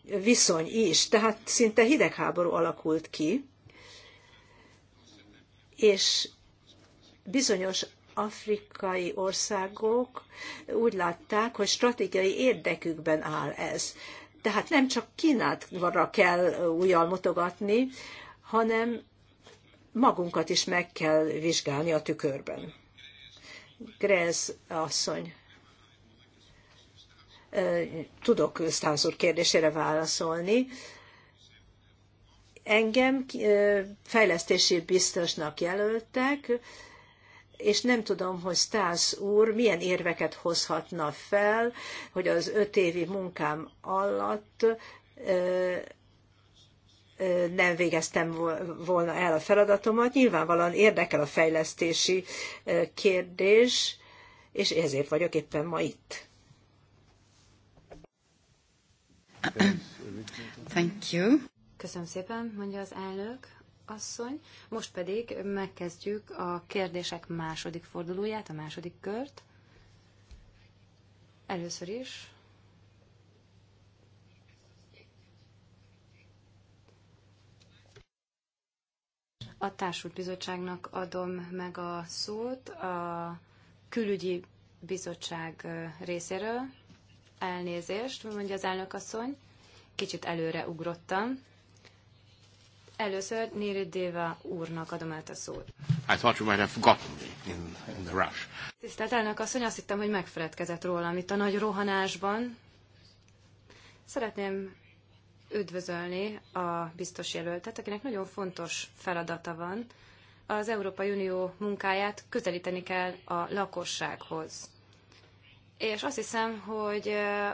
viszony is. Tehát szinte hidegháború alakult ki, és bizonyos afrikai országok úgy látták, hogy stratégiai érdekükben áll ez. Tehát nem csak Kínát kell újjal mutogatni, hanem magunkat is meg kell vizsgálni a tükörben. Grez asszony. Tudok Stász úr kérdésére válaszolni. Engem fejlesztési biztosnak jelöltek, és nem tudom, hogy Stász úr milyen érveket hozhatna fel, hogy az öt évi munkám alatt nem végeztem volna el a feladatomat. Nyilvánvalóan érdekel a fejlesztési kérdés, és ezért vagyok éppen ma itt. Thank you. Köszönöm szépen, mondja az elnök asszony. Most pedig megkezdjük a kérdések második fordulóját, a második kört. Először is A Társult Bizottságnak adom meg a szót a külügyi bizottság részéről. Elnézést, mondja az elnökasszony. Kicsit előre ugrottam. Először Néri Déva úrnak adom át a szót. I thought you might have forgotten me in, in the rush. Tisztelt elnök asszony, azt hittem, hogy megfeledkezett rólam itt a nagy rohanásban. Szeretném üdvözölni a biztos jelöltet, akinek nagyon fontos feladata van. Az Európai Unió munkáját közelíteni kell a lakossághoz. És azt hiszem, hogy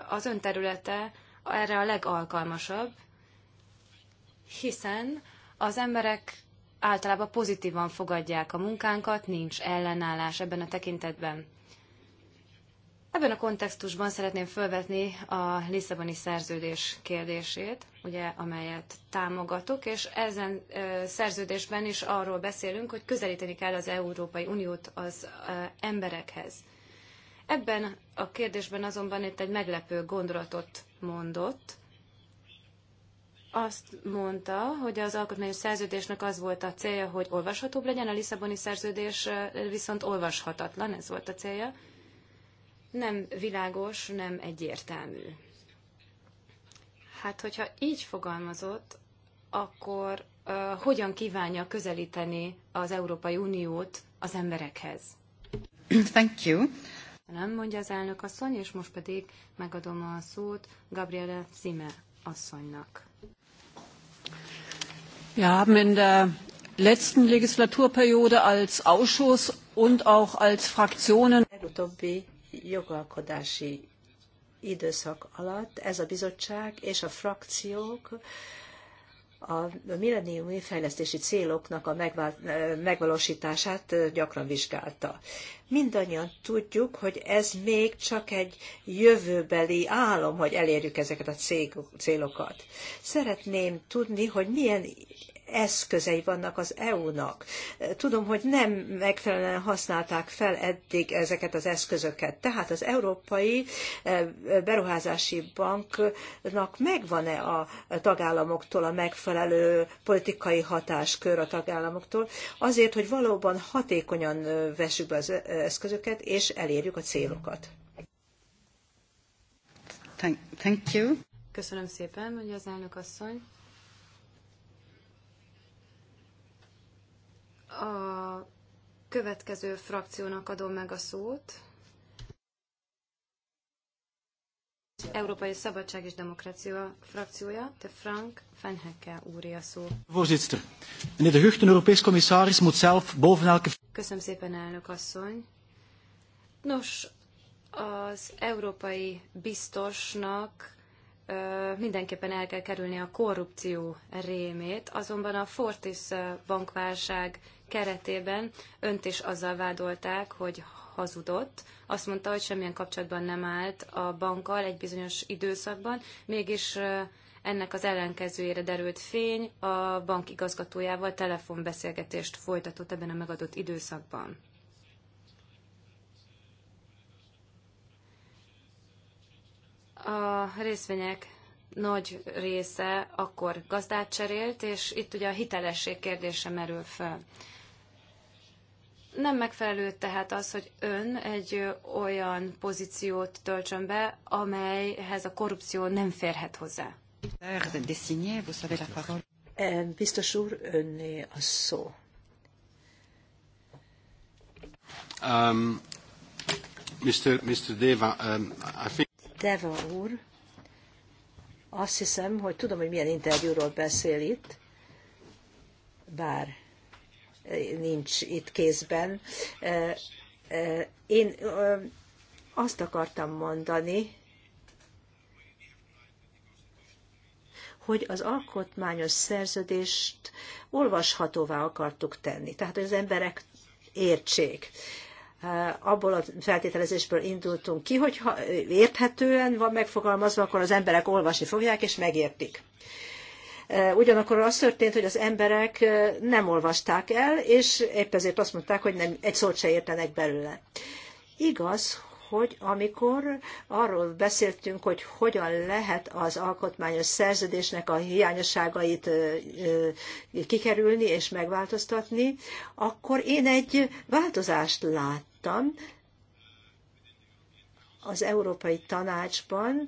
az ön területe erre a legalkalmasabb, hiszen az emberek általában pozitívan fogadják a munkánkat, nincs ellenállás ebben a tekintetben. Ebben a kontextusban szeretném felvetni a Lisszaboni szerződés kérdését, ugye, amelyet támogatok, és ezen szerződésben is arról beszélünk, hogy közelíteni kell az Európai Uniót az emberekhez. Ebben a kérdésben azonban itt egy meglepő gondolatot mondott. Azt mondta, hogy az alkotmányos szerződésnek az volt a célja, hogy olvashatóbb legyen, a Lisszaboni szerződés viszont olvashatatlan, ez volt a célja nem világos, nem egyértelmű. Hát, hogyha így fogalmazott, akkor uh, hogyan kívánja közelíteni az Európai Uniót az emberekhez? Thank you. Nem mondja az elnök asszony, és most pedig megadom a szót Gabriele Zime asszonynak. Wir haben in der letzten Legislaturperiode als Ausschuss und auch als Fraktionen jogalkodási időszak alatt ez a bizottság és a frakciók a milleniumi fejlesztési céloknak a megvalósítását gyakran vizsgálta. Mindannyian tudjuk, hogy ez még csak egy jövőbeli álom, hogy elérjük ezeket a célokat. Szeretném tudni, hogy milyen eszközei vannak az EU-nak. Tudom, hogy nem megfelelően használták fel eddig ezeket az eszközöket. Tehát az Európai e, Beruházási Banknak megvan-e a tagállamoktól a megfelelő politikai hatáskör a tagállamoktól, azért, hogy valóban hatékonyan e, vessük be az e, eszközöket, és elérjük a célokat. Thank you. Köszönöm szépen, hogy az elnök asszony. A következő frakciónak adom meg a szót. Európai Szabadság és Demokrácia frakciója, de Frank Fenheke úr. úri a szó. Voorzitter, meneer de Gucht, een Europees commissaris moet zelf boven elke... Köszönöm szépen, elnök asszony. Nos, az európai biztosnak mindenképpen el kell kerülni a korrupció rémét, azonban a Fortis bankválság keretében önt is azzal vádolták, hogy hazudott. Azt mondta, hogy semmilyen kapcsolatban nem állt a bankkal egy bizonyos időszakban, mégis ennek az ellenkezőjére derült fény, a bank igazgatójával telefonbeszélgetést folytatott ebben a megadott időszakban. a részvények nagy része akkor gazdát cserélt, és itt ugye a hitelesség kérdése merül föl. Nem megfelelő tehát az, hogy ön egy olyan pozíciót töltsön be, amelyhez a korrupció nem férhet hozzá. Eh, biztos úr, önné a szó. Um, Mr. Mr. Deva, um, I think... Deva úr, azt hiszem, hogy tudom, hogy milyen interjúról beszél itt, bár eh, nincs itt kézben. Eh, eh, én azt akartam mondani, hogy az alkotmányos szerződést olvashatóvá akartuk tenni, tehát hogy az emberek értsék. Eh, abból a feltételezésből indultunk ki, hogy ha érthetően van megfogalmazva, akkor az emberek olvasni fogják és megértik. Eh, ugyanakkor az történt, hogy az emberek eh, nem olvasták el, és épp ezért azt mondták, hogy nem, egy szót se értenek belőle. Igaz, hogy amikor arról beszéltünk, hogy hogyan lehet az alkotmányos szerződésnek a hiányosságait kikerülni és megváltoztatni, akkor én egy változást láttam hallottam az Európai Tanácsban,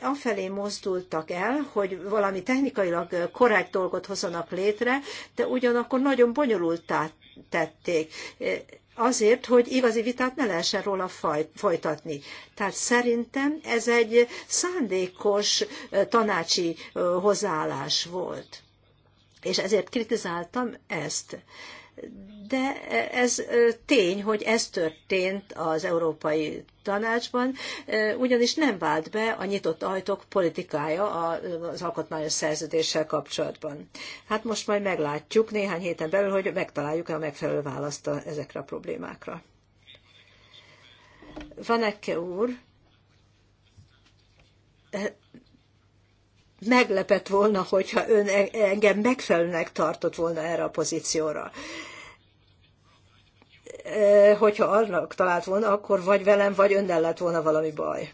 afelé mozdultak el, hogy valami technikailag korrekt dolgot hozzanak létre, de ugyanakkor nagyon bonyolultá tették azért, hogy igazi vitát ne lehessen róla folytatni. Tehát szerintem ez egy szándékos tanácsi hozzáállás volt. És ezért kritizáltam ezt de ez tény, hogy ez történt az Európai Tanácsban, ugyanis nem vált be a nyitott ajtók politikája az alkotmányos szerződéssel kapcsolatban. Hát most majd meglátjuk néhány héten belül, hogy megtaláljuk-e a megfelelő választ ezekre a problémákra. Vanekke úr, meglepett volna, hogyha ön e- engem megfelelőnek tartott volna erre a pozícióra e, hogyha annak talált volna, akkor vagy velem, vagy önnel lett volna valami baj.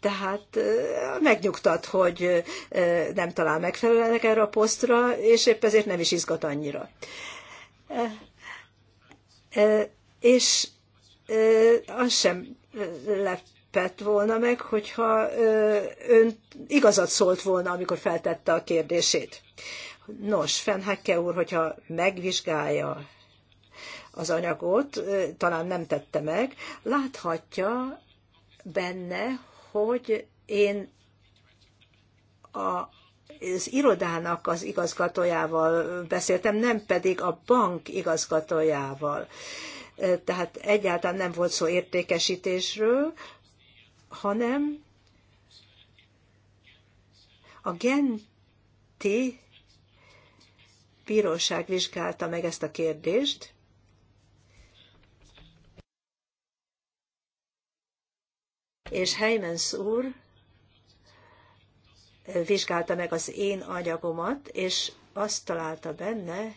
Tehát e, megnyugtat, hogy nem talál megfelelőnek erre a posztra, és épp ezért nem is izgat annyira. És az sem lett lepett volna meg, hogyha ön igazat szólt volna, amikor feltette a kérdését. Nos, Fenhecke úr, hogyha megvizsgálja az anyagot, talán nem tette meg, láthatja benne, hogy én a, az irodának az igazgatójával beszéltem, nem pedig a bank igazgatójával. Tehát egyáltalán nem volt szó értékesítésről, hanem a Genti bíróság vizsgálta meg ezt a kérdést, és Heimens úr vizsgálta meg az én anyagomat, és azt találta benne,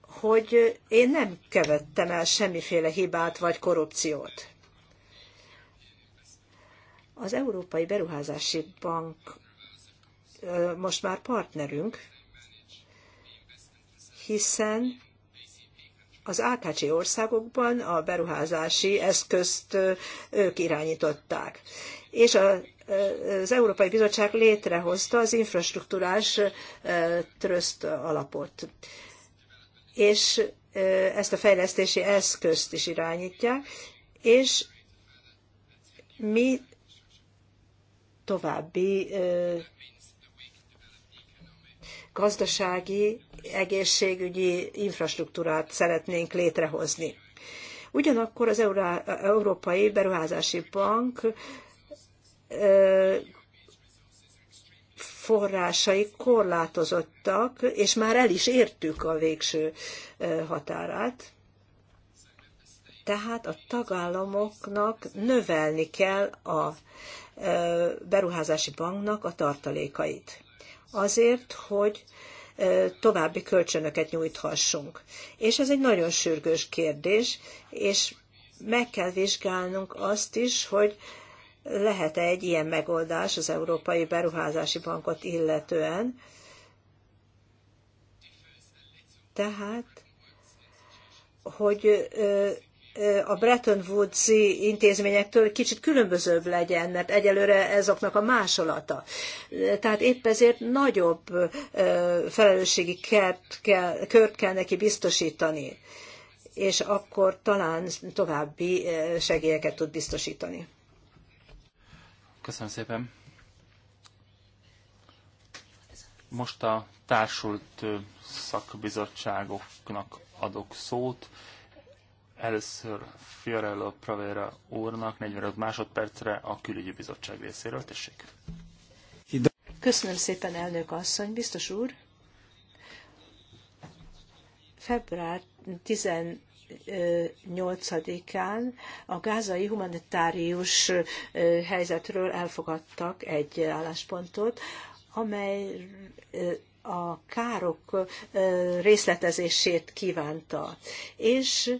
hogy én nem követtem el semmiféle hibát vagy korrupciót. Az Európai Beruházási Bank most már partnerünk, hiszen az AKC országokban a beruházási eszközt ők irányították. És a, az Európai Bizottság létrehozta az infrastruktúrás tröszt alapot. És ezt a fejlesztési eszközt is irányítják, és mi további gazdasági, egészségügyi infrastruktúrát szeretnénk létrehozni. Ugyanakkor az Európai Beruházási Bank forrásai korlátozottak, és már el is értük a végső határát. Tehát a tagállamoknak növelni kell a beruházási banknak a tartalékait. Azért, hogy további kölcsönöket nyújthassunk. És ez egy nagyon sürgős kérdés, és meg kell vizsgálnunk azt is, hogy lehet-e egy ilyen megoldás az Európai Beruházási Bankot illetően. Tehát, hogy a Bretton woods intézményektől kicsit különbözőbb legyen, mert egyelőre azoknak a másolata. Tehát épp ezért nagyobb felelősségi kert kell, kört kell neki biztosítani, és akkor talán további segélyeket tud biztosítani. Köszönöm szépen. Most a társult szakbizottságoknak adok szót. Először Fiorello Pravera úrnak 45 másodpercre a külügyi bizottság részéről. Tessék! Köszönöm szépen, elnök asszony, biztos úr! Február 18-án a gázai humanitárius helyzetről elfogadtak egy álláspontot, amely a károk részletezését kívánta, és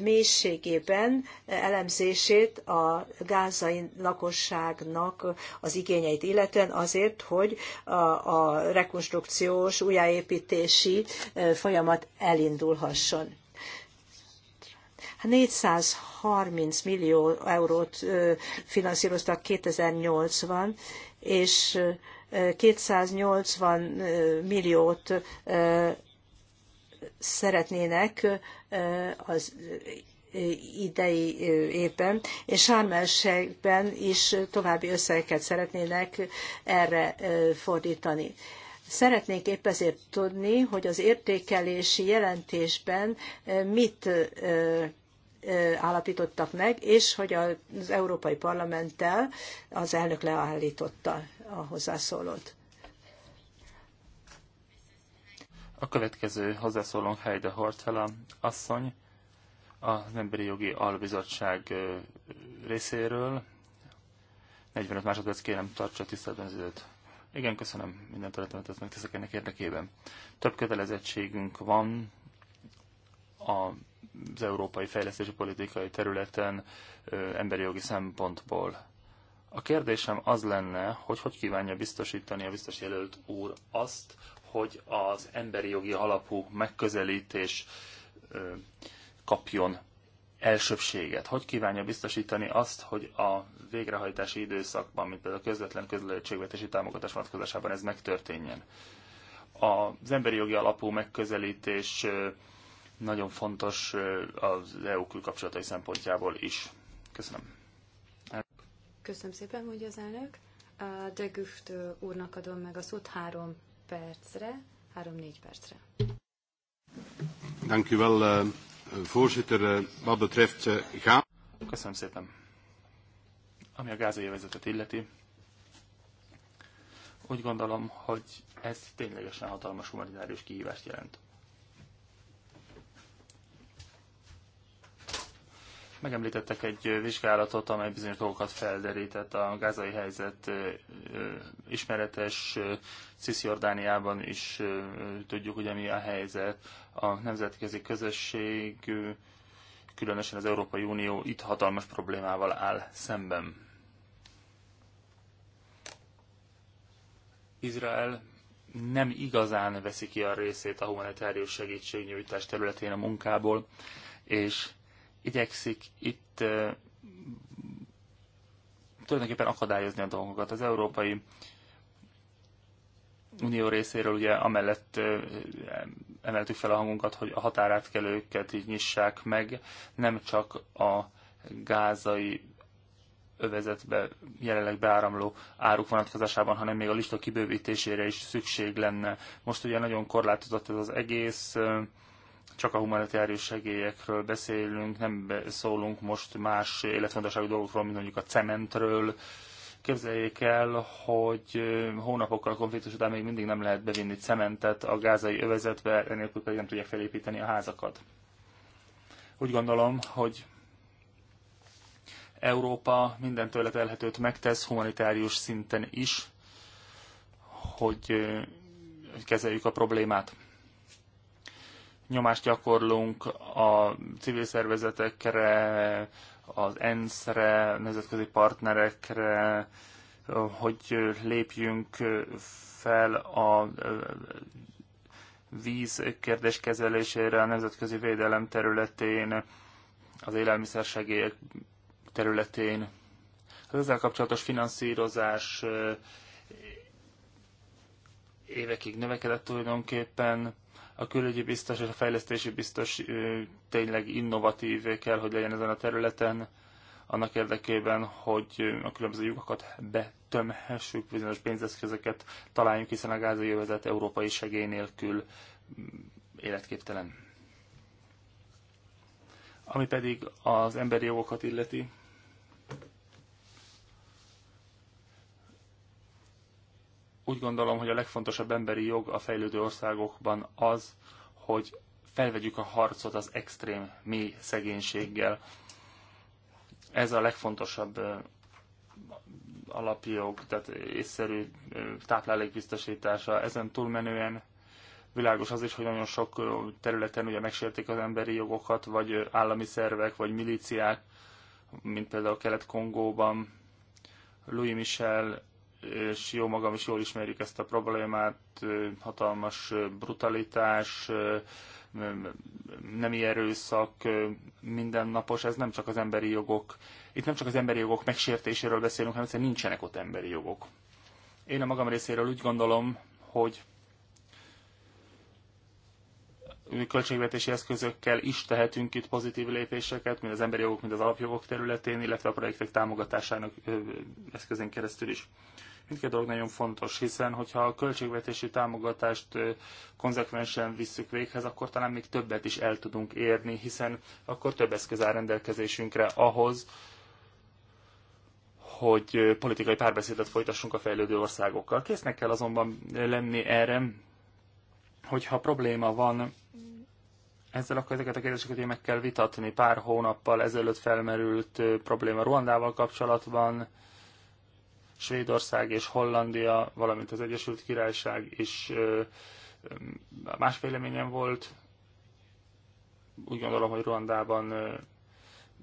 mélységében elemzését a gázai lakosságnak az igényeit illetően azért, hogy a rekonstrukciós, újjáépítési folyamat elindulhasson. 430 millió eurót finanszíroztak 2008-ban, és 280 milliót szeretnének az idei évben, és Sármelségben is további összegeket szeretnének erre fordítani. Szeretnénk épp ezért tudni, hogy az értékelési jelentésben mit állapítottak meg, és hogy az Európai Parlamenttel az elnök leállította a hozzászólót. A következő hozzászólónk Heide Hortela asszony, az Emberi Jogi Albizottság részéről. 45 másodperc kérem, tartsa tiszteletben az időt. Igen, köszönöm, minden történetet megteszek ennek érdekében. Több kötelezettségünk van a az európai fejlesztési politikai területen emberi jogi szempontból. A kérdésem az lenne, hogy hogy kívánja biztosítani a biztos jelölt úr azt, hogy az emberi jogi alapú megközelítés kapjon elsőbséget? Hogy kívánja biztosítani azt, hogy a végrehajtási időszakban, mint például a közvetlen közlekedési támogatás vonatkozásában ez megtörténjen? Az emberi jogi alapú megközelítés nagyon fontos az EU külkapcsolatai szempontjából is. Köszönöm. Köszönöm szépen, hogy az elnök. De Gucht úrnak adom meg a szót három percre, három-négy percre. Dank u wel, eh, voorzitter. Eh, wat betreft eh, Köszönöm szépen. Ami a gázai vezetet illeti, úgy gondolom, hogy ez ténylegesen hatalmas humanitárius kihívást jelent. Megemlítettek egy vizsgálatot, amely bizonyos dolgokat felderített a gázai helyzet ismeretes cisziordániában is tudjuk, hogy mi a helyzet. A nemzetközi közösség, különösen az Európai Unió itt hatalmas problémával áll szemben. Izrael nem igazán veszi ki a részét a humanitárius segítségnyújtás területén a munkából, és igyekszik itt tulajdonképpen akadályozni a dolgokat. Az Európai Unió részéről ugye amellett emeltük fel a hangunkat, hogy a határátkelőket így nyissák meg, nem csak a gázai övezetbe jelenleg beáramló áruk vonatkozásában, hanem még a lista kibővítésére is szükség lenne. Most ugye nagyon korlátozott ez az egész, csak a humanitárius segélyekről beszélünk, nem szólunk most más életfontosságú dolgokról, mint mondjuk a cementről. Képzeljék el, hogy hónapokkal a konfliktus után még mindig nem lehet bevinni cementet a gázai övezetbe, enélkül pedig nem tudják felépíteni a házakat. Úgy gondolom, hogy Európa minden tőle telhetőt megtesz humanitárius szinten is, hogy kezeljük a problémát nyomást gyakorlunk a civil szervezetekre, az ENSZ-re, nemzetközi partnerekre, hogy lépjünk fel a víz kérdés kezelésére a nemzetközi védelem területén, az élelmiszersegély területén. Az ezzel kapcsolatos finanszírozás évekig növekedett tulajdonképpen, a külügyi biztos és a fejlesztési biztos tényleg innovatív kell, hogy legyen ezen a területen, annak érdekében, hogy a különböző lyukakat betömhessük, bizonyos pénzeszközöket találjuk, hiszen a gázai jövezet európai segély nélkül mm, életképtelen. Ami pedig az emberi jogokat illeti, Úgy gondolom, hogy a legfontosabb emberi jog a fejlődő országokban az, hogy felvegyük a harcot az extrém mély szegénységgel. Ez a legfontosabb alapjog, tehát észszerű táplálékbiztosítása. Ezen túlmenően világos az is, hogy nagyon sok területen ugye megsértik az emberi jogokat, vagy állami szervek, vagy milíciák, mint például Kelet-Kongóban. Louis Michel és jó magam is jól ismerjük ezt a problémát, hatalmas brutalitás, nemi erőszak, mindennapos, ez nem csak az emberi jogok, itt nem csak az emberi jogok megsértéséről beszélünk, hanem egyszerűen nincsenek ott emberi jogok. Én a magam részéről úgy gondolom, hogy költségvetési eszközökkel is tehetünk itt pozitív lépéseket, mind az emberi jogok, mind az alapjogok területén, illetve a projektek támogatásának eszközén keresztül is. Mindkét dolog nagyon fontos, hiszen hogyha a költségvetési támogatást konzekvensen visszük véghez, akkor talán még többet is el tudunk érni, hiszen akkor több eszköz áll rendelkezésünkre ahhoz, hogy politikai párbeszédet folytassunk a fejlődő országokkal. Késznek kell azonban lenni erre, hogyha probléma van, ezzel akkor ezeket a kérdéseket meg kell vitatni. Pár hónappal ezelőtt felmerült probléma Ruandával kapcsolatban, Svédország és Hollandia, valamint az Egyesült Királyság is más véleményen volt. Úgy gondolom, hogy Ruandában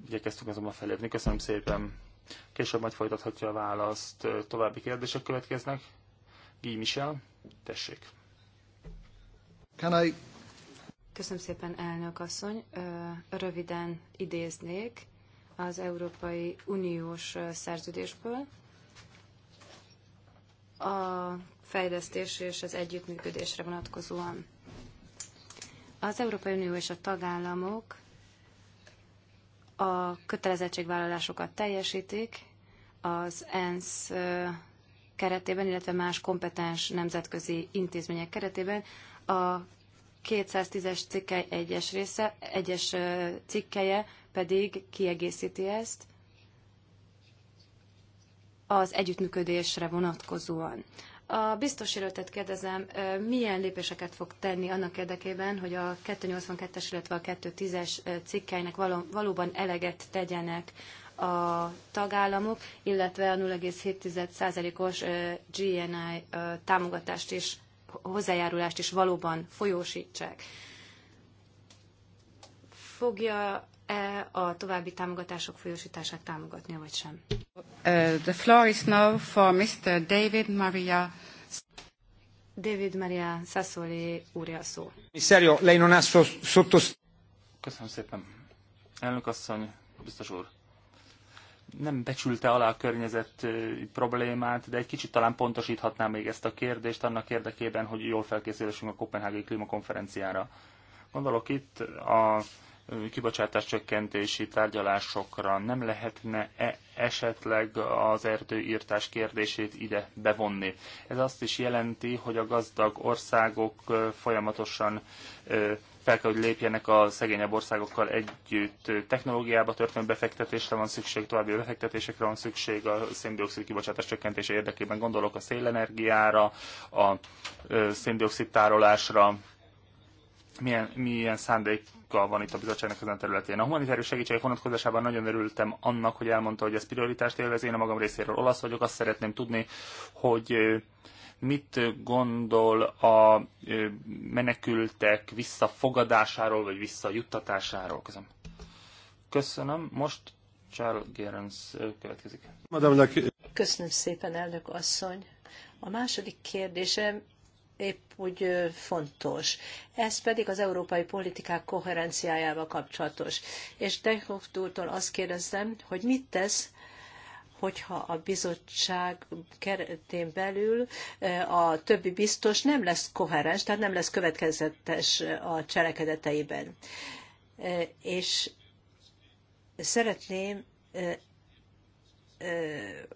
igyekeztünk azonban felépni. Köszönöm szépen. Később majd folytathatja a választ. További kérdések következnek. Guy Michel, tessék. Can I... Köszönöm szépen, elnök asszony. Röviden idéznék az Európai Uniós szerződésből, a fejlesztésre és az együttműködésre vonatkozóan. Az Európai Unió és a tagállamok a kötelezettségvállalásokat teljesítik az ENSZ keretében, illetve más kompetens nemzetközi intézmények keretében. A 210-es cikkely egyes része, egyes cikkeje pedig kiegészíti ezt, az együttműködésre vonatkozóan. A biztos jelöltet kérdezem, milyen lépéseket fog tenni annak érdekében, hogy a 282-es, illetve a 210-es cikkeinek valóban eleget tegyenek a tagállamok, illetve a 0,7%-os GNI támogatást is, hozzájárulást is valóban folyósítsák. Fogja -e a további támogatások folyósítását támogatnia, vagy sem? Uh, the floor is now for Mr. David Maria David Maria Sassoli úrja a szó. Miszerio, lei non Köszönöm szépen. Elnök asszony, biztos úr. Nem becsülte alá a környezet problémát, de egy kicsit talán pontosíthatnám még ezt a kérdést annak érdekében, hogy jól felkészülésünk a Kopenhágai klímakonferenciára. Gondolok itt a kibocsátás csökkentési tárgyalásokra nem lehetne -e esetleg az erdőírtás kérdését ide bevonni. Ez azt is jelenti, hogy a gazdag országok folyamatosan fel kell, hogy lépjenek a szegényebb országokkal együtt. Technológiába történő befektetésre van szükség, további befektetésekre van szükség a széndiokszid kibocsátás csökkentése érdekében. Gondolok a szélenergiára, a széndiokszid tárolásra, milyen, milyen szándékkal van itt a bizottságnak ezen területén. A humanitárius segítség vonatkozásában nagyon örültem annak, hogy elmondta, hogy ez prioritást élvez. Én a magam részéről olasz vagyok, azt szeretném tudni, hogy mit gondol a menekültek visszafogadásáról, vagy visszajuttatásáról. Köszönöm. Köszönöm. Most Charles Gerens következik. Köszönöm szépen, elnök asszony. A második kérdésem épp úgy fontos. Ez pedig az európai politikák koherenciájával kapcsolatos. És Dehoft úrtól azt kérdezem, hogy mit tesz, hogyha a bizottság keretén belül a többi biztos nem lesz koherens, tehát nem lesz következetes a cselekedeteiben. És szeretném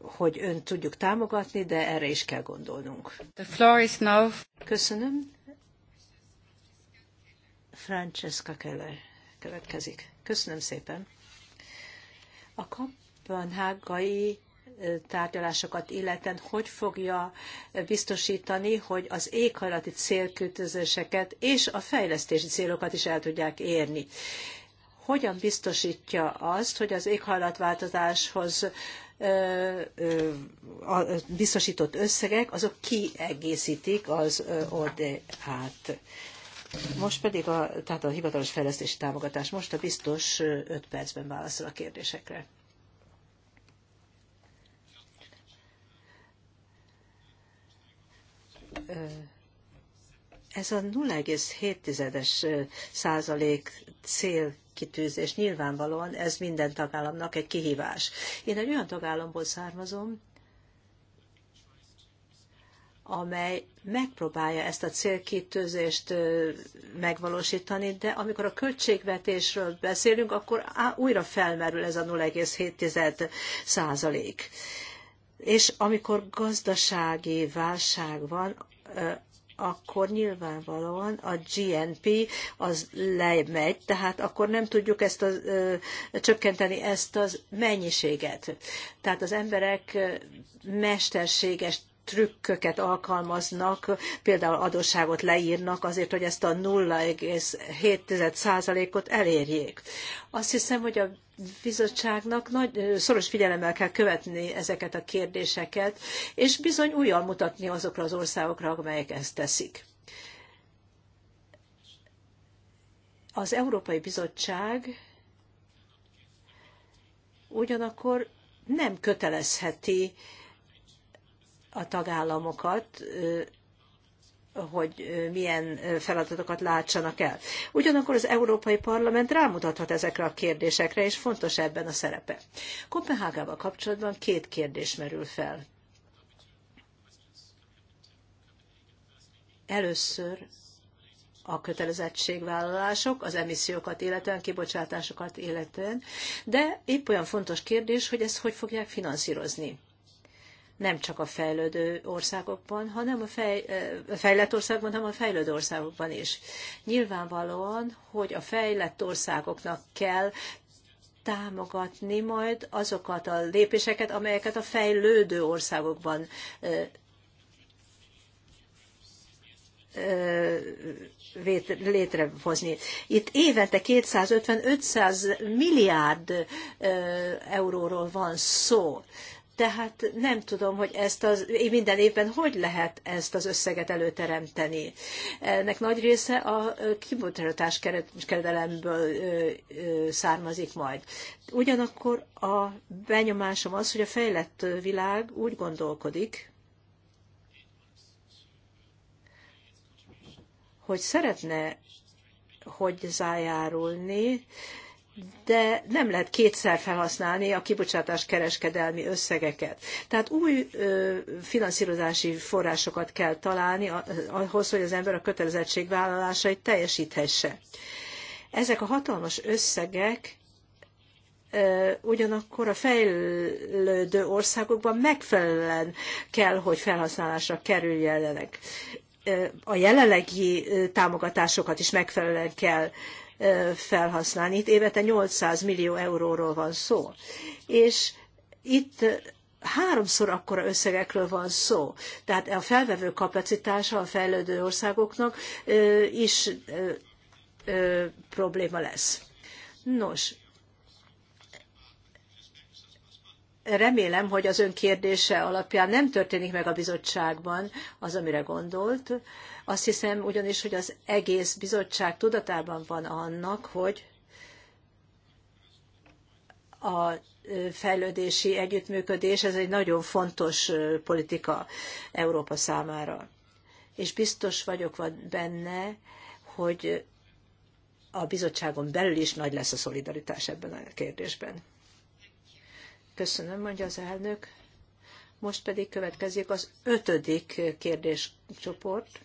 hogy ön tudjuk támogatni, de erre is kell gondolnunk. The floor is now. Köszönöm. Francesca Keller következik. Köszönöm szépen. A kapanhágai tárgyalásokat illeten, hogy fogja biztosítani, hogy az éghajlati célkütözéseket és a fejlesztési célokat is el tudják érni. Hogyan biztosítja azt, hogy az éghajlatváltozáshoz a biztosított összegek, azok kiegészítik az ODA-t. Most pedig a, tehát a hivatalos fejlesztési támogatás most a biztos 5 percben válaszol a kérdésekre. Ez a 0,7-es százalék cél célkitűzés. Nyilvánvalóan ez minden tagállamnak egy kihívás. Én egy olyan tagállamból származom, amely megpróbálja ezt a célkitűzést megvalósítani, de amikor a költségvetésről beszélünk, akkor újra felmerül ez a 0,7 százalék. És amikor gazdasági válság van, akkor nyilvánvalóan a GNP az lemegy, tehát akkor nem tudjuk ezt a, csökkenteni ezt az mennyiséget. Tehát az emberek mesterséges trükköket alkalmaznak, például adósságot leírnak azért, hogy ezt a 0,7%-ot elérjék. Azt hiszem, hogy a bizottságnak nagy, szoros figyelemmel kell követni ezeket a kérdéseket, és bizony újjal mutatni azokra az országokra, amelyek ezt teszik. Az Európai Bizottság ugyanakkor nem kötelezheti a tagállamokat hogy milyen feladatokat látsanak el. Ugyanakkor az Európai Parlament rámutathat ezekre a kérdésekre, és fontos ebben a szerepe. Kopenhágával kapcsolatban két kérdés merül fel. Először a kötelezettségvállalások, az emissziókat illetően, kibocsátásokat illetően, de épp olyan fontos kérdés, hogy ezt hogy fogják finanszírozni nem csak a fejlődő országokban, hanem a fej, fejlett országokban, hanem a fejlődő országokban is. Nyilvánvalóan, hogy a fejlett országoknak kell támogatni majd azokat a lépéseket, amelyeket a fejlődő országokban létrehozni. Itt évente 250-500 milliárd euróról van szó. Tehát nem tudom, hogy ezt az, minden évben hogy lehet ezt az összeget előteremteni. Ennek nagy része a kibocsátás keredelemből származik majd. Ugyanakkor a benyomásom az, hogy a fejlett világ úgy gondolkodik, hogy szeretne hogy zájárulni de nem lehet kétszer felhasználni a kibocsátás kereskedelmi összegeket. Tehát új ö, finanszírozási forrásokat kell találni ahhoz, hogy az ember a kötelezettségvállalásait teljesíthesse. Ezek a hatalmas összegek ugyanakkor a fejlődő országokban megfelelően kell, hogy felhasználásra kerüljenek. A jelenlegi támogatásokat is megfelelően kell felhasználni. Itt évente 800 millió euróról van szó. És itt háromszor akkora összegekről van szó. Tehát a felvevő kapacitása a fejlődő országoknak is probléma lesz. Nos, remélem, hogy az ön kérdése alapján nem történik meg a bizottságban az, amire gondolt. Azt hiszem ugyanis, hogy az egész bizottság tudatában van annak, hogy a fejlődési együttműködés, ez egy nagyon fontos politika Európa számára. És biztos vagyok benne, hogy a bizottságon belül is nagy lesz a szolidaritás ebben a kérdésben. Köszönöm, mondja az elnök. Most pedig következik az ötödik kérdéscsoport.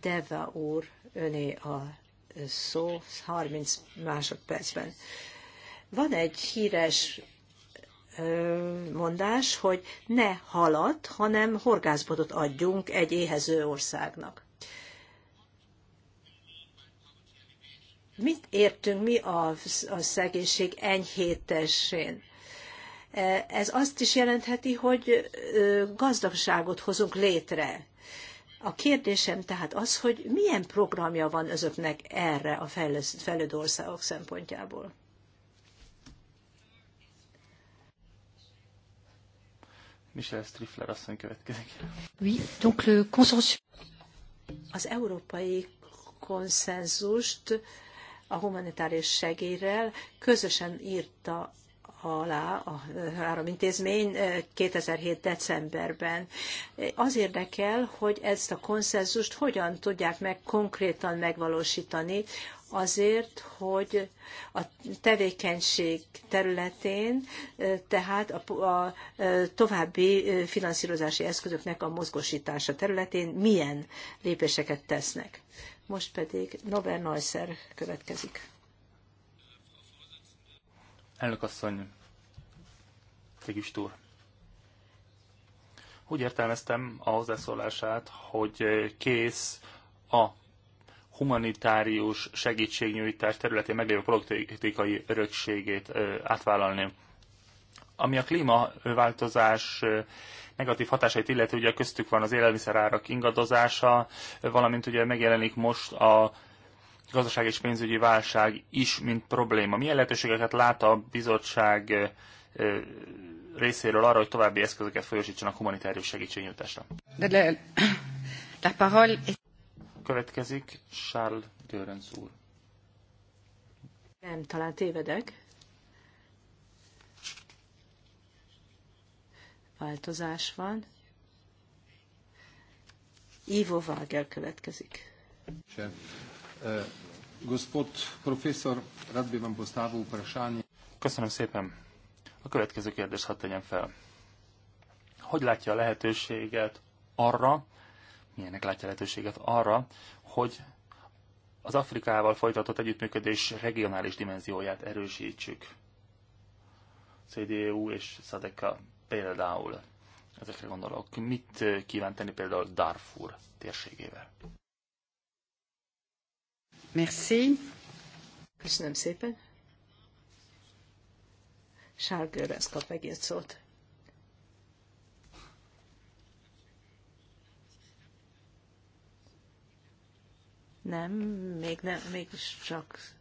Deva úr, öné a szó 30 másodpercben. Van egy híres mondás, hogy ne halat, hanem horgászbotot adjunk egy éhező országnak. Mit értünk mi a, a szegénység enyhétesén? Ez azt is jelentheti, hogy gazdagságot hozunk létre. A kérdésem tehát az, hogy milyen programja van özöknek erre a fejlődő országok szempontjából? Michel Strifler asszony következik. Oui, donc le consensus. Az európai konszenzust a humanitárius segélyrel közösen írta alá a három intézmény 2007. Eh, decemberben. Az érdekel, hogy ezt a konszenzust hogyan tudják meg konkrétan megvalósítani, azért, hogy a tevékenység területén, eh, tehát a, a eh, további finanszírozási eszközöknek a mozgósítása területén milyen lépéseket tesznek. Most pedig Nobel Neusser következik. Elnök asszony, Tegüst úr. Úgy értelmeztem a hozzászólását, hogy kész a humanitárius segítségnyújtás területén meglévő politikai örökségét átvállalni. Ami a klímaváltozás negatív hatásait illeti, ugye köztük van az élelmiszerárak ingadozása, valamint ugye megjelenik most a gazdaság és pénzügyi válság is, mint probléma. Milyen lehetőségeket lát a bizottság részéről arra, hogy további eszközöket folyosítsanak humanitárius segítségnyújtásra? Következik Charles Görönc úr. Nem, talán tévedek. Változás van. Ivo Vágel következik. Eh, gospod professzor, rád bi vam postavil Köszönöm szépen. A következő kérdés hadd tegyem fel. Hogy látja a lehetőséget arra, milyenek látja a lehetőséget arra, hogy az Afrikával folytatott együttműködés regionális dimenzióját erősítsük? CDU e és SZADEKA például. Ezekre gondolok. Mit kíván tenni például Darfur térségével? Merci. Köszönöm szépen. Sárgőrez kap megint szót. Nem, még nem, még csak.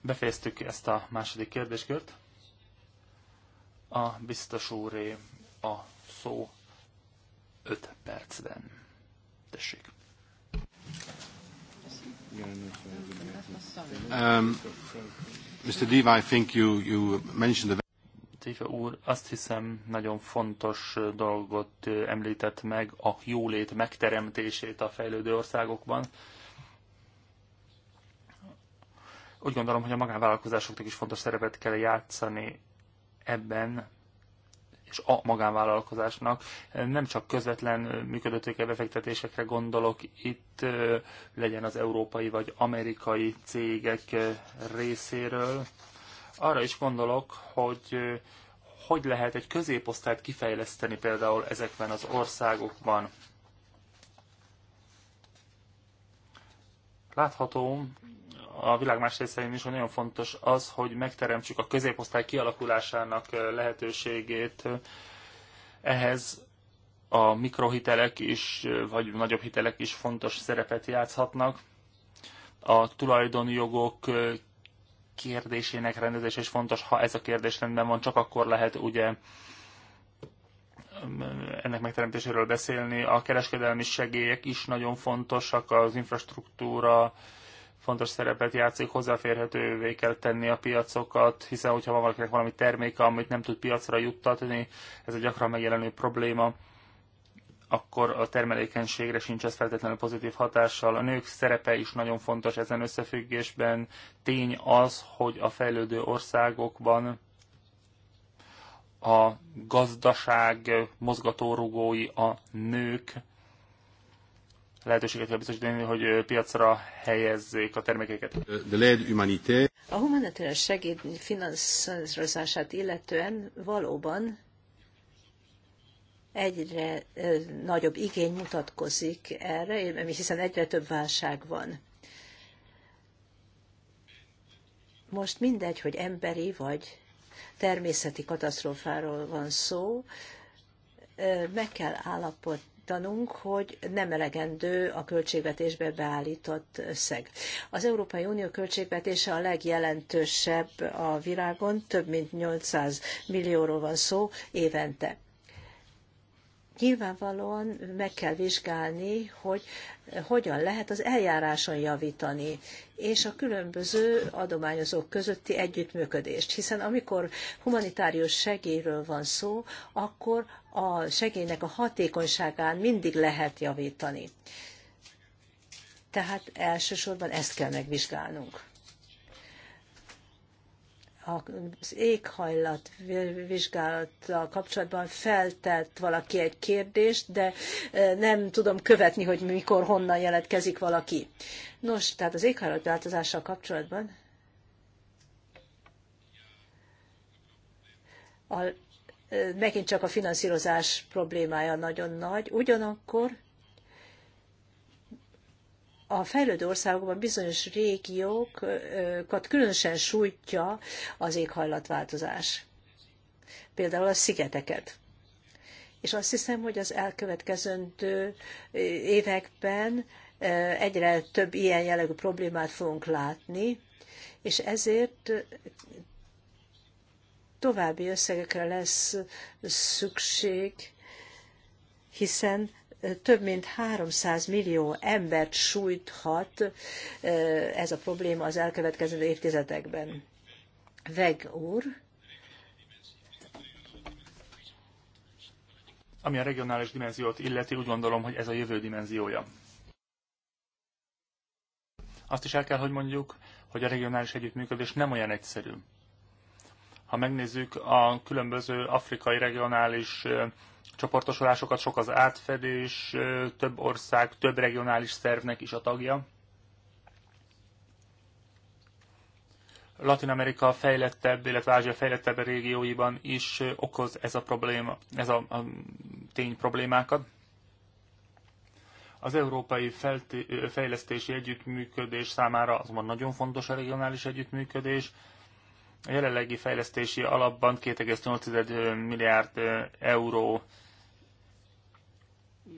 Befejeztük ezt a második kérdéskört. A biztos úré a szó 5 percben. Tessék. Um, Mr. Deva, I think you, you mentioned the... Deva úr, azt hiszem nagyon fontos dolgot említett meg, a jólét megteremtését a fejlődő országokban. Úgy gondolom, hogy a magánvállalkozásoknak is fontos szerepet kell játszani ebben, a magánvállalkozásnak. Nem csak közvetlen működőtőke befektetésekre gondolok, itt legyen az európai vagy amerikai cégek részéről. Arra is gondolok, hogy hogy lehet egy középosztályt kifejleszteni például ezekben az országokban. Látható, a világ más részein is nagyon fontos az, hogy megteremtsük a középosztály kialakulásának lehetőségét. Ehhez a mikrohitelek is, vagy nagyobb hitelek is fontos szerepet játszhatnak. A tulajdoni jogok kérdésének rendezés is fontos, ha ez a kérdés rendben van, csak akkor lehet ugye ennek megteremtéséről beszélni. A kereskedelmi segélyek is nagyon fontosak, az infrastruktúra, fontos szerepet játszik, hozzáférhetővé kell tenni a piacokat, hiszen hogyha van valakinek valami terméke, amit nem tud piacra juttatni, ez egy gyakran megjelenő probléma, akkor a termelékenységre sincs ez feltétlenül pozitív hatással. A nők szerepe is nagyon fontos ezen összefüggésben. Tény az, hogy a fejlődő országokban a gazdaság mozgatórugói a nők, lehetőséget kell biztosítani, hogy piacra helyezzék a termékeket. De l'aide humanitaire. A humanitárius segéd finanszírozását illetően valóban egyre nagyobb igény mutatkozik erre, hiszen egyre több válság van. Most mindegy, hogy emberi vagy természeti katasztrófáról van szó, meg kell állapodni megállapítanunk, hogy nem elegendő a költségvetésbe beállított összeg. Az Európai Unió költségvetése a legjelentősebb a világon, több mint 800 millióról van szó évente nyilvánvalóan meg kell vizsgálni, hogy hogyan lehet az eljáráson javítani, és a különböző adományozók közötti együttműködést. Hiszen amikor humanitárius segélyről van szó, akkor a segélynek a hatékonyságán mindig lehet javítani. Tehát elsősorban ezt kell megvizsgálnunk az éghajlat vizsgálattal kapcsolatban feltett valaki egy kérdést, de e, nem tudom követni, hogy mikor, honnan jelentkezik valaki. Nos, tehát az éghajlat változással kapcsolatban a, e, megint csak a finanszírozás problémája nagyon nagy. Ugyanakkor a fejlődő országokban bizonyos régiókat különösen sújtja az éghajlatváltozás. Például a szigeteket. És azt hiszem, hogy az elkövetkezendő eh, években eh, egyre több ilyen jellegű problémát fogunk látni, és ezért további összegekre lesz szükség, hiszen több mint 300 millió embert sújthat ez a probléma az elkövetkező évtizedekben. Veg úr. Ami a regionális dimenziót illeti, úgy gondolom, hogy ez a jövő dimenziója. Azt is el kell, hogy mondjuk, hogy a regionális együttműködés nem olyan egyszerű. Ha megnézzük a különböző afrikai regionális csoportosulásokat, sok az átfedés, több ország, több regionális szervnek is a tagja. Latin Amerika fejlettebb, illetve Ázsia fejlettebb régióiban is okoz ez a probléma, ez a, a tény problémákat. Az európai fejlesztési együttműködés számára azonban nagyon fontos a regionális együttműködés, a jelenlegi fejlesztési alapban 2,8 milliárd euró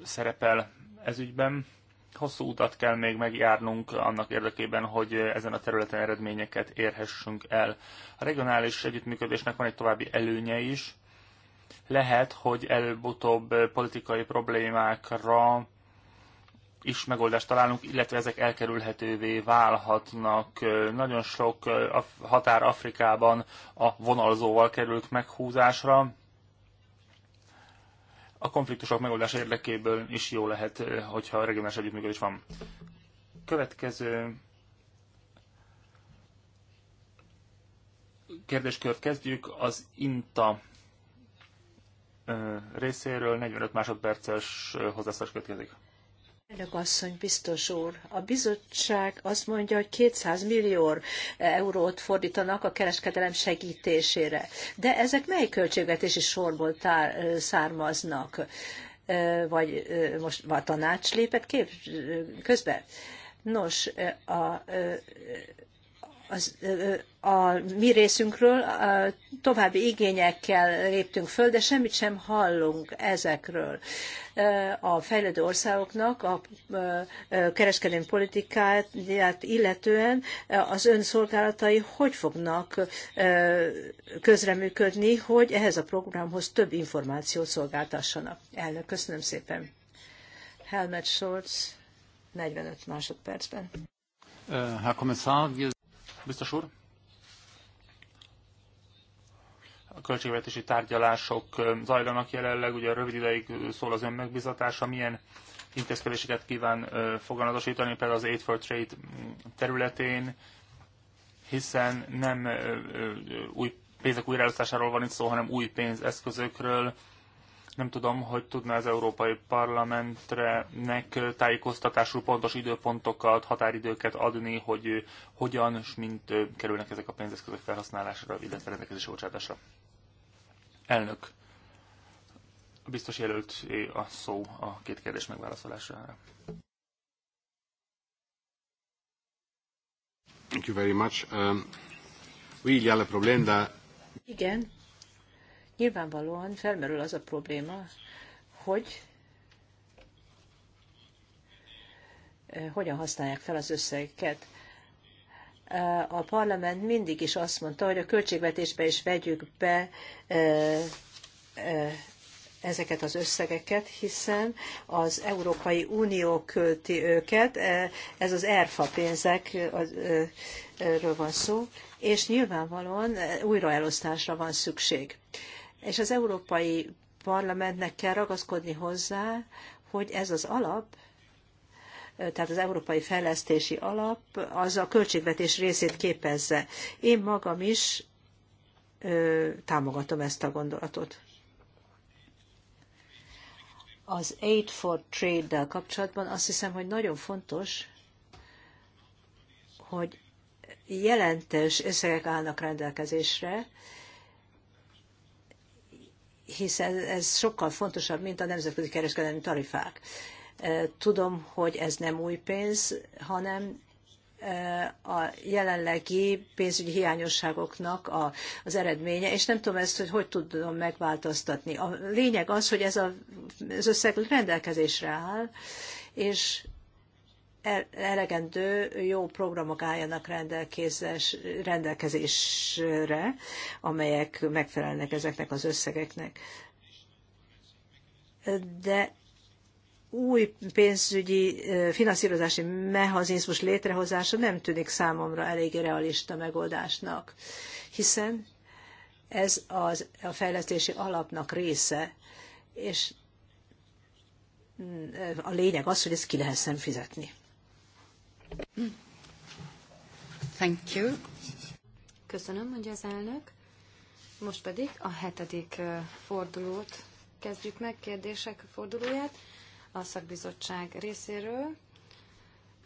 szerepel ez ügyben. Hosszú utat kell még megjárnunk annak érdekében, hogy ezen a területen eredményeket érhessünk el. A regionális együttműködésnek van egy további előnye is. Lehet, hogy előbb-utóbb politikai problémákra is megoldást találunk, illetve ezek elkerülhetővé válhatnak. Nagyon sok határ Afrikában a vonalzóval került meghúzásra. A konfliktusok megoldása érdekéből is jó lehet, hogyha regionális együttműködés van. Következő kérdéskört kezdjük. Az INTA részéről 45 másodperces hozzászólás következik. Elnök asszony, biztos úr, a bizottság azt mondja, hogy 200 millió eurót fordítanak a kereskedelem segítésére. De ezek mely költségvetési sorból tár, származnak? Vagy most a tanács lépett kép Nos, a, a, az, a mi részünkről további igényekkel léptünk föl, de semmit sem hallunk ezekről. A fejlődő országoknak a kereskedelmi politikáját illetően az szolgálatai hogy fognak közreműködni, hogy ehhez a programhoz több információt szolgáltassanak. Elnök, köszönöm szépen. Helmet Scholz, 45 másodpercben. Herr Kommissar, wir biztos úr. A költségvetési tárgyalások zajlanak jelenleg, ugye rövid ideig szól az ön megbizatása, milyen intézkedéseket kíván foganatosítani, például az Aid for Trade területén, hiszen nem új pénzek újraelosztásáról van itt szó, hanem új pénzeszközökről, nem tudom, hogy tudná az Európai Parlamentre nek tájékoztatásul pontos időpontokat, határidőket adni, hogy hogyan és mint kerülnek ezek a pénzeszközök felhasználásra, illetve rendelkezésre bocsátásra. Elnök, biztos jelölt a szó a két kérdés megválaszolására. Thank you very much. Um, we, yeah, y a le Igen, nyilvánvalóan felmerül az a probléma, hogy eh, hogyan használják fel az összegeket. Eh, a parlament mindig is azt mondta, hogy a költségvetésbe is vegyük be eh, ezeket az összegeket, hiszen az Európai Unió költi őket, ez az ERFA pénzekről van szó, és nyilvánvalóan újraelosztásra van szükség és az Európai Parlamentnek kell ragaszkodni hozzá, hogy ez az alap, tehát az Európai Fejlesztési Alap, az a költségvetés részét képezze. Én magam is ö, támogatom ezt a gondolatot. Az Aid for Trade-del kapcsolatban azt hiszem, hogy nagyon fontos, hogy jelentős összegek állnak rendelkezésre, hiszen ez sokkal fontosabb, mint a nemzetközi kereskedelmi tarifák. Tudom, hogy ez nem új pénz, hanem a jelenlegi pénzügyi hiányosságoknak a, az eredménye, és nem tudom ezt, hogy hogy tudom megváltoztatni. A lényeg az, hogy ez a, az összeg rendelkezésre áll, és elegendő jó programok álljanak rendelkezésre, amelyek megfelelnek ezeknek az összegeknek. De új pénzügyi finanszírozási mechanizmus létrehozása nem tűnik számomra elég realista megoldásnak, hiszen ez az, a fejlesztési alapnak része, és mm, a lényeg az, hogy ezt ki lehessen fizetni. Thank you. Köszönöm, mondja az elnök. Most pedig a hetedik fordulót kezdjük meg, kérdések fordulóját a szakbizottság részéről.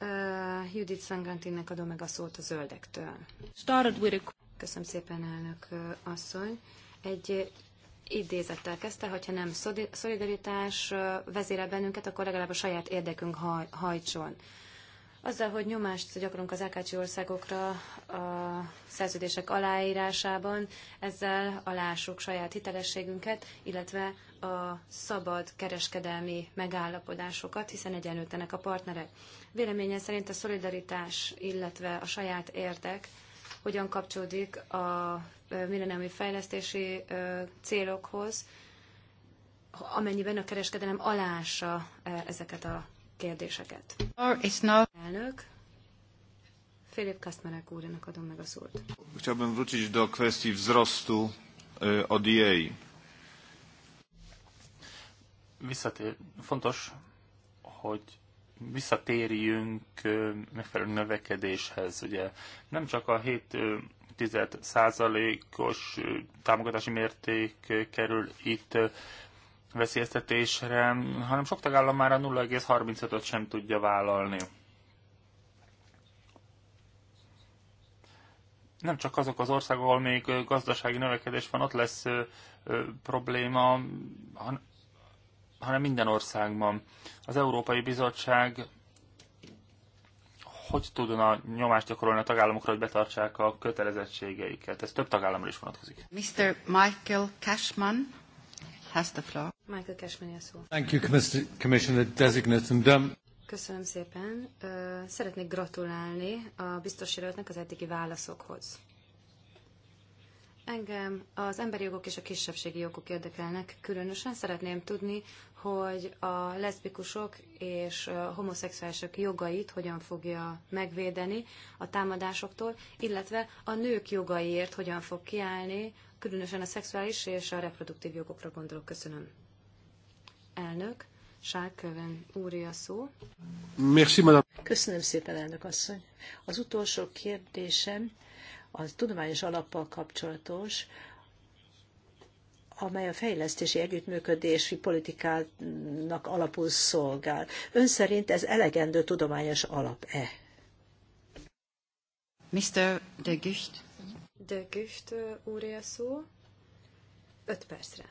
Uh, Judith Sangantinnek adom meg a szót a zöldektől. Started with a... Köszönöm szépen, elnök asszony. Egy idézettel kezdte, hogyha nem szolidaritás vezére bennünket, akkor legalább a saját érdekünk haj, hajtson. Azzal, hogy nyomást gyakorlunk az Ákácsi országokra a szerződések aláírásában, ezzel alássuk saját hitelességünket, illetve a szabad kereskedelmi megállapodásokat, hiszen egyenlőtenek a partnerek. Véleménye szerint a szolidaritás, illetve a saját érdek hogyan kapcsolódik a millenniumi fejlesztési célokhoz, amennyiben a kereskedelem alássa ezeket a kérdéseket. Elnök, Filip Kaszmerek úrnak adom meg a szót. Chciałbym wrócić do kwestii wzrostu e, ODA. Visszatér, fontos, hogy visszatérjünk e, megfelelő növekedéshez. Ugye nem csak a 7 e, százalékos támogatási mérték kerül itt veszélyeztetésre, hanem sok tagállam már a 0,35-öt sem tudja vállalni. nem csak azok az országok, ahol még gazdasági növekedés van, ott lesz probléma, hanem minden országban. Az Európai Bizottság hogy tudna nyomást gyakorolni a tagállamokra, hogy betartsák a kötelezettségeiket? Ez több tagállamra is vonatkozik. Mr. Michael Cashman has the floor. Michael Cashman, yes. Thank you, Commissioner Designate. And, um... Köszönöm szépen. Szeretnék gratulálni a biztos jelöltnek az eddigi válaszokhoz. Engem az emberi jogok és a kisebbségi jogok érdekelnek. Különösen szeretném tudni, hogy a leszbikusok és a homoszexuálisok jogait hogyan fogja megvédeni a támadásoktól, illetve a nők jogaiért hogyan fog kiállni, különösen a szexuális és a reproduktív jogokra gondolok. Köszönöm. Elnök, Sárköven úri a szó. Merci, madame. Köszönöm szépen, elnök asszony. Az utolsó kérdésem a tudományos alappal kapcsolatos, amely a fejlesztési együttműködési politikának alapul szolgál. Ön szerint ez elegendő tudományos alap-e? Mr. de Gucht. De Gucht úr a szó. Öt percre.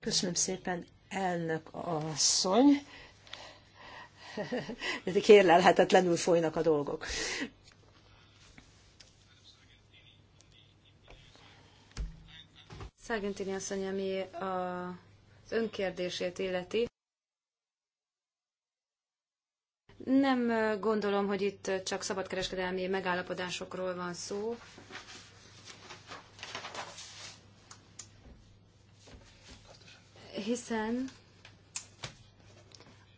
Köszönöm szépen, elnök asszony. Kérlelhetetlenül folynak a dolgok. Szágentini asszony, ami az önkérdését illeti, nem gondolom, hogy itt csak szabadkereskedelmi megállapodásokról van szó, hiszen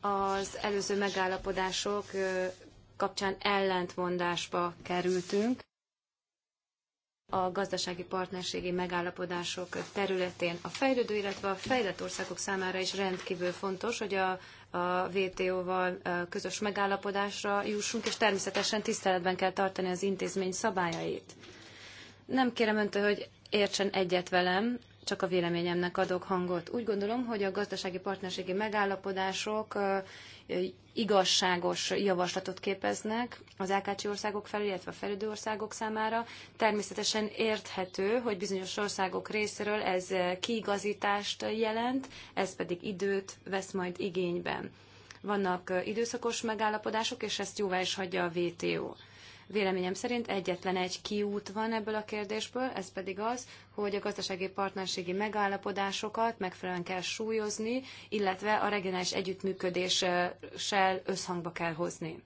az előző megállapodások kapcsán ellentmondásba kerültünk. A gazdasági partnerségi megállapodások területén a fejlődő, illetve a fejlett országok számára is rendkívül fontos, hogy a, a WTO-val közös megállapodásra jussunk, és természetesen tiszteletben kell tartani az intézmény szabályait. Nem kérem öntől, hogy értsen egyet velem, csak a véleményemnek adok hangot. Úgy gondolom, hogy a gazdasági partnerségi megállapodások igazságos javaslatot képeznek az LKC országok felé, illetve a felüldő országok számára. Természetesen érthető, hogy bizonyos országok részéről ez kiigazítást jelent, ez pedig időt vesz majd igényben. Vannak időszakos megállapodások, és ezt jóvá is hagyja a WTO. Véleményem szerint egyetlen egy kiút van ebből a kérdésből, ez pedig az, hogy a gazdasági partnerségi megállapodásokat megfelelően kell súlyozni, illetve a regionális együttműködéssel összhangba kell hozni.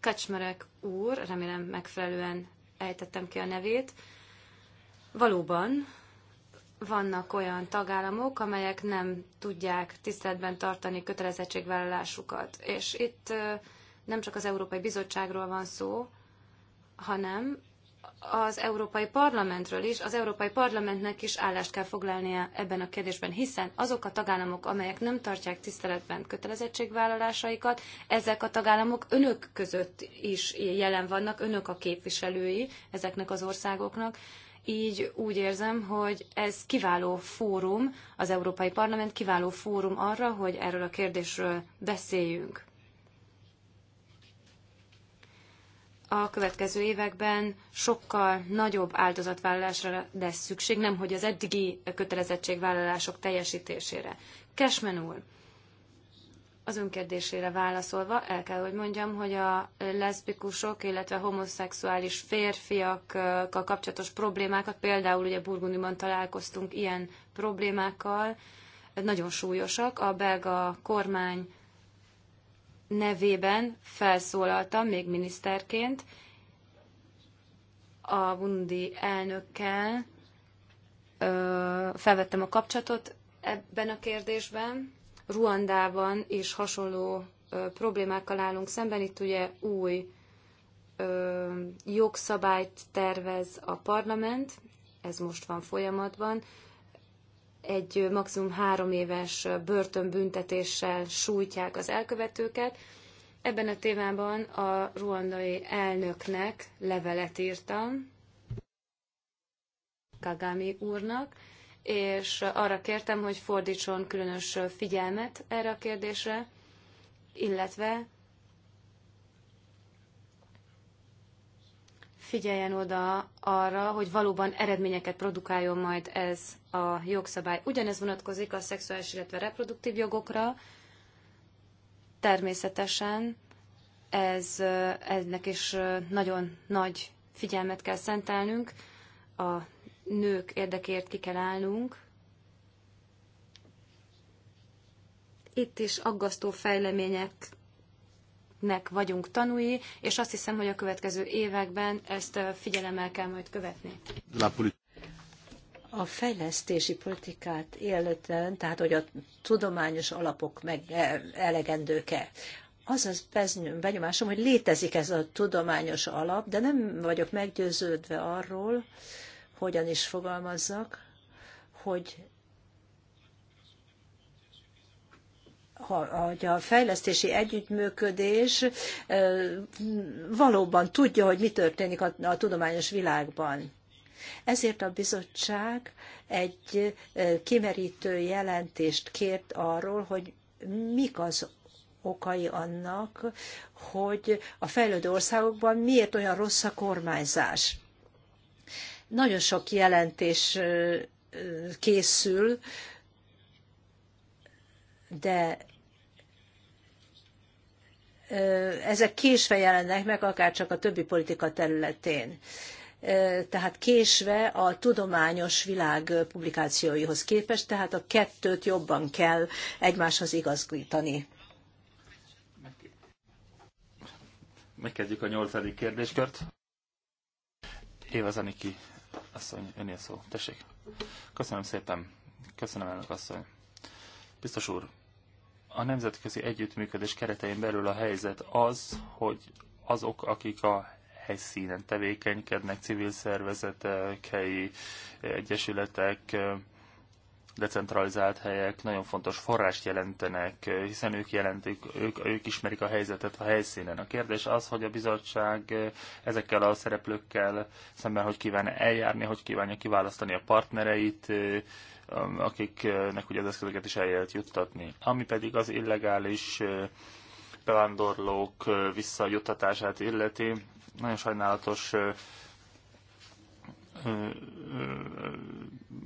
Kacsmerek úr, remélem megfelelően ejtettem ki a nevét, valóban vannak olyan tagállamok, amelyek nem tudják tiszteletben tartani kötelezettségvállalásukat. És itt nem csak az Európai Bizottságról van szó, hanem az Európai Parlamentről is, az Európai Parlamentnek is állást kell foglalnia ebben a kérdésben, hiszen azok a tagállamok, amelyek nem tartják tiszteletben kötelezettségvállalásaikat, ezek a tagállamok önök között is jelen vannak, önök a képviselői ezeknek az országoknak, így úgy érzem, hogy ez kiváló fórum, az Európai Parlament kiváló fórum arra, hogy erről a kérdésről beszéljünk. a következő években sokkal nagyobb áldozatvállalásra lesz szükség, nem hogy az eddigi kötelezettségvállalások teljesítésére. Cashman úr, az önkérdésére válaszolva el kell, hogy mondjam, hogy a leszbikusok, illetve homoszexuális férfiakkal kapcsolatos problémákat, például ugye Burgundiban találkoztunk ilyen problémákkal, nagyon súlyosak. A belga kormány nevében felszólaltam még miniszterként a Bundi elnökkel, felvettem a kapcsolatot ebben a kérdésben. Ruandában is hasonló problémákkal állunk szemben. Itt ugye új jogszabályt tervez a parlament, ez most van folyamatban egy maximum három éves börtönbüntetéssel sújtják az elkövetőket. Ebben a témában a ruandai elnöknek levelet írtam, Kagami úrnak, és arra kértem, hogy fordítson különös figyelmet erre a kérdésre, illetve figyeljen oda arra, hogy valóban eredményeket produkáljon majd ez a jogszabály. Ugyanez vonatkozik a szexuális, illetve reproduktív jogokra. Természetesen ez, ennek is nagyon nagy figyelmet kell szentelnünk, a nők érdekért ki kell állnunk. Itt is aggasztó fejlemények nek vagyunk tanúi, és azt hiszem, hogy a következő években ezt figyelemmel kell majd követni. A fejlesztési politikát illetően, tehát hogy a tudományos alapok meg e, elegendők-e, az az benyomásom, hogy létezik ez a tudományos alap, de nem vagyok meggyőződve arról, hogyan is fogalmazzak, hogy hogy a fejlesztési együttműködés valóban tudja, hogy mi történik a, tudományos világban. Ezért a bizottság egy kimerítő jelentést kért arról, hogy mik az okai annak, hogy a fejlődő országokban miért olyan rossz a kormányzás. Nagyon sok jelentés készül, de ezek késve jelennek meg, akár csak a többi politika területén. Tehát késve a tudományos világ publikációihoz képest, tehát a kettőt jobban kell egymáshoz igazgítani. Megkezdjük a nyolcadik kérdéskört. Éva Zaniki asszony, önél szó. Tessék. Köszönöm szépen. Köszönöm elnök asszony. Biztos úr, a nemzetközi együttműködés keretein belül a helyzet az, hogy azok, akik a helyszínen tevékenykednek, civil szervezetek, helyi egyesületek, decentralizált helyek nagyon fontos forrást jelentenek, hiszen ők jelentik, ők, ők ismerik a helyzetet a helyszínen. A kérdés az, hogy a bizottság ezekkel a szereplőkkel szemben hogy kíván eljárni, hogy kívánja kiválasztani a partnereit, akiknek ugye az eszközöket is eljelent juttatni. Ami pedig az illegális bevándorlók visszajuttatását illeti, nagyon sajnálatos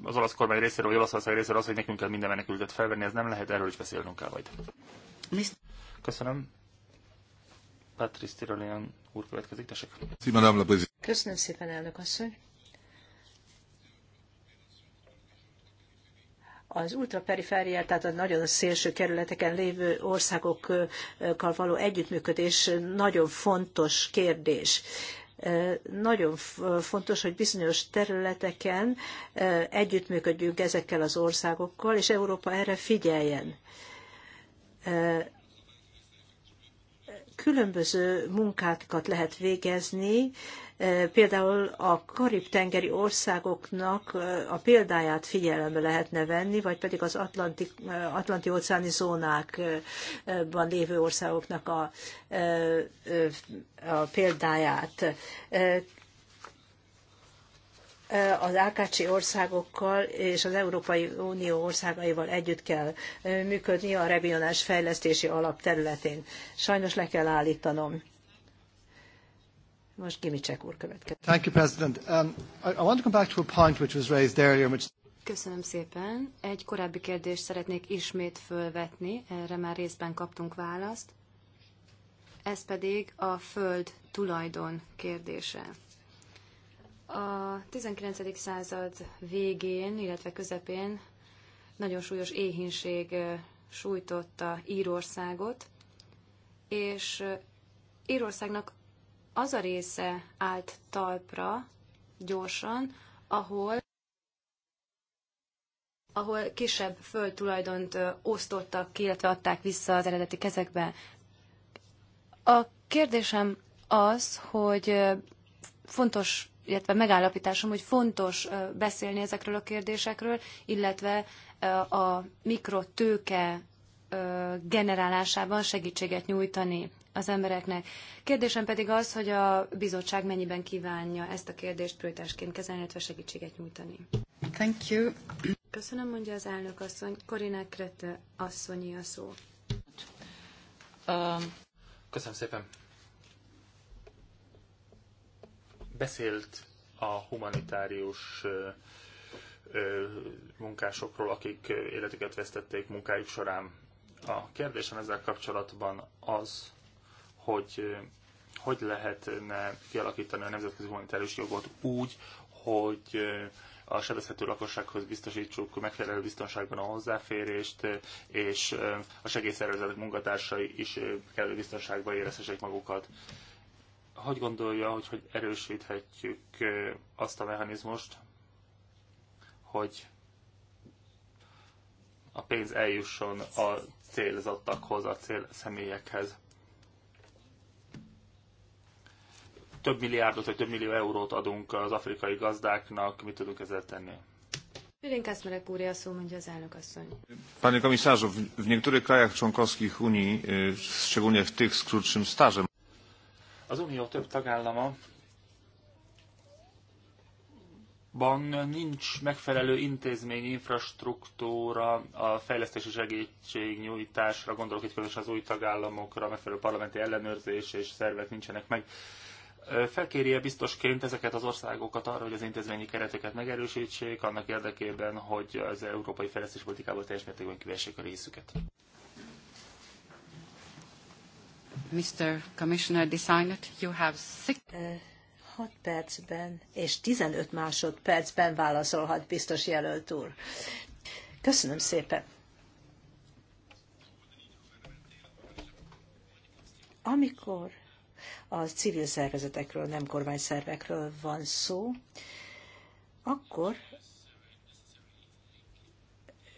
az olasz kormány részéről, vagy Olaszország részéről az, hogy nekünk kell minden menekültet felvenni, ez nem lehet, erről is beszélnünk kell majd. Köszönöm. Patrice Tirolian úr következik, tessék. Köszönöm szépen, elnök asszony. Az ultraperifériát, tehát a nagyon szélső kerületeken lévő országokkal való együttműködés nagyon fontos kérdés nagyon fontos, hogy bizonyos területeken együttműködjünk ezekkel az országokkal, és Európa erre figyeljen. Különböző munkákat lehet végezni Például a karib-tengeri országoknak a példáját figyelembe lehetne venni, vagy pedig az atlanti óceáni zónákban lévő országoknak a, a példáját az AKC országokkal és az Európai Unió országaival együtt kell működni a regionális fejlesztési alap területén. Sajnos le kell állítanom. Most úr következik. Thank you, President. Um, I, I want to come back to a point which was raised earlier, which... Köszönöm szépen. Egy korábbi kérdést szeretnék ismét fölvetni, erre már részben kaptunk választ. Ez pedig a föld tulajdon kérdése. A 19. század végén, illetve közepén nagyon súlyos éhínség sújtotta Írországot, és Írországnak az a része állt talpra gyorsan, ahol ahol kisebb földtulajdont osztottak ki, illetve adták vissza az eredeti kezekbe. A kérdésem az, hogy fontos, illetve megállapításom, hogy fontos beszélni ezekről a kérdésekről, illetve a mikrotőke generálásában segítséget nyújtani az embereknek. Kérdésem pedig az, hogy a bizottság mennyiben kívánja ezt a kérdést prioritásként kezelni, illetve segítséget nyújtani. Thank you. Köszönöm, mondja az elnök asszony. Korina Krete asszonyi a szó. Um, Köszönöm szépen. Beszélt a humanitárius munkásokról, akik életüket vesztették munkájuk során. A kérdésem ezzel kapcsolatban az, hogy hogy lehetne kialakítani a nemzetközi humanitárius jogot úgy, hogy a sebezhető lakossághoz biztosítsuk megfelelő biztonságban a hozzáférést, és a segélyszervezetek munkatársai is kellő biztonságban érezhessék magukat. Hogy gondolja, hogy, hogy erősíthetjük azt a mechanizmust, hogy a pénz eljusson a célzottakhoz, a cél személyekhez? több milliárdot vagy több millió eurót adunk az afrikai gazdáknak, mit tudunk ezzel tenni? úr, az Panie komisarzu, w, niektórych krajach członkowskich Unii, szczególnie w tych z krótszym stażem. Az Unió több tagállama nincs megfelelő intézmény, infrastruktúra, a fejlesztési segítségnyújtásra, gondolok itt különösen az új tagállamokra, megfelelő parlamenti ellenőrzés és szervek nincsenek meg felkéri-e biztosként ezeket az országokat arra, hogy az intézményi kereteket megerősítsék, annak érdekében, hogy az európai politikából teljes mértékben kivessék a részüket? Mr. Commissioner Designet, you have six... 6 percben és 15 másodpercben válaszolhat biztos jelölt úr. Köszönöm szépen. Amikor a civil szervezetekről, nem kormányszervekről van szó, akkor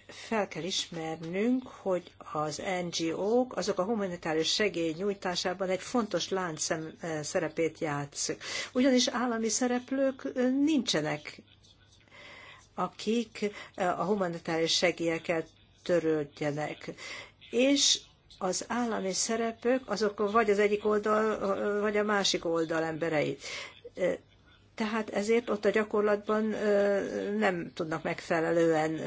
fel kell ismernünk, hogy az NGO-k azok a humanitárius segély nyújtásában egy fontos lánc eh, szerepét játszik. Ugyanis állami szereplők eh, nincsenek, akik eh, a humanitárius segélyeket törődjenek. És az állami szereplők, azok vagy az egyik oldal, vagy a másik oldal emberei. Tehát ezért ott a gyakorlatban nem tudnak megfelelően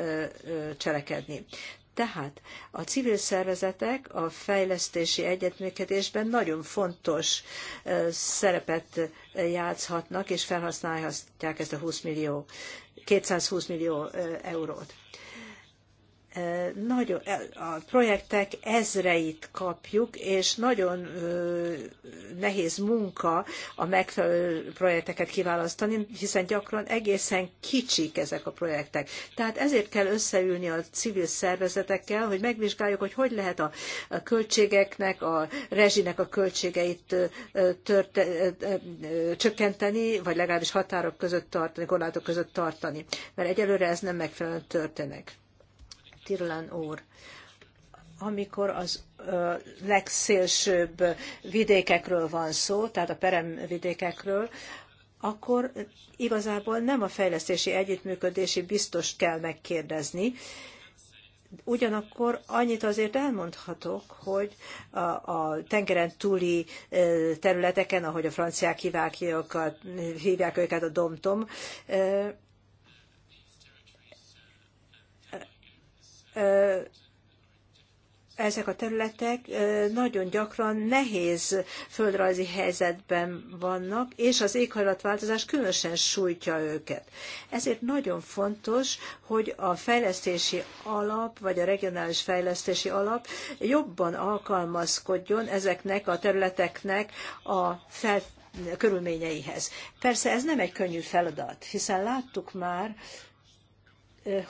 cselekedni. Tehát a civil szervezetek a fejlesztési egyetműködésben nagyon fontos szerepet játszhatnak, és felhasználhatják ezt a 20 millió, 220 millió eurót nagyon, a projektek ezreit kapjuk, és nagyon nehéz munka a megfelelő projekteket kiválasztani, hiszen gyakran egészen kicsik ezek a projektek. Tehát ezért kell összeülni a civil szervezetekkel, hogy megvizsgáljuk, hogy hogy lehet a költségeknek, a rezsinek a költségeit törte, csökkenteni, vagy legalábbis határok között tartani, korlátok között tartani. Mert egyelőre ez nem megfelelően történik. Tirlan úr amikor az ö, legszélsőbb vidékekről van szó, tehát a perem vidékekről, akkor igazából nem a fejlesztési együttműködési biztos kell megkérdezni. Ugyanakkor annyit azért elmondhatok, hogy a, a tengeren túli területeken, ahogy a franciák hívják, hívják őket a domtom, ezek a területek nagyon gyakran nehéz földrajzi helyzetben vannak, és az éghajlatváltozás különösen sújtja őket. Ezért nagyon fontos, hogy a fejlesztési alap, vagy a regionális fejlesztési alap jobban alkalmazkodjon ezeknek a területeknek a fel körülményeihez. Persze ez nem egy könnyű feladat, hiszen láttuk már,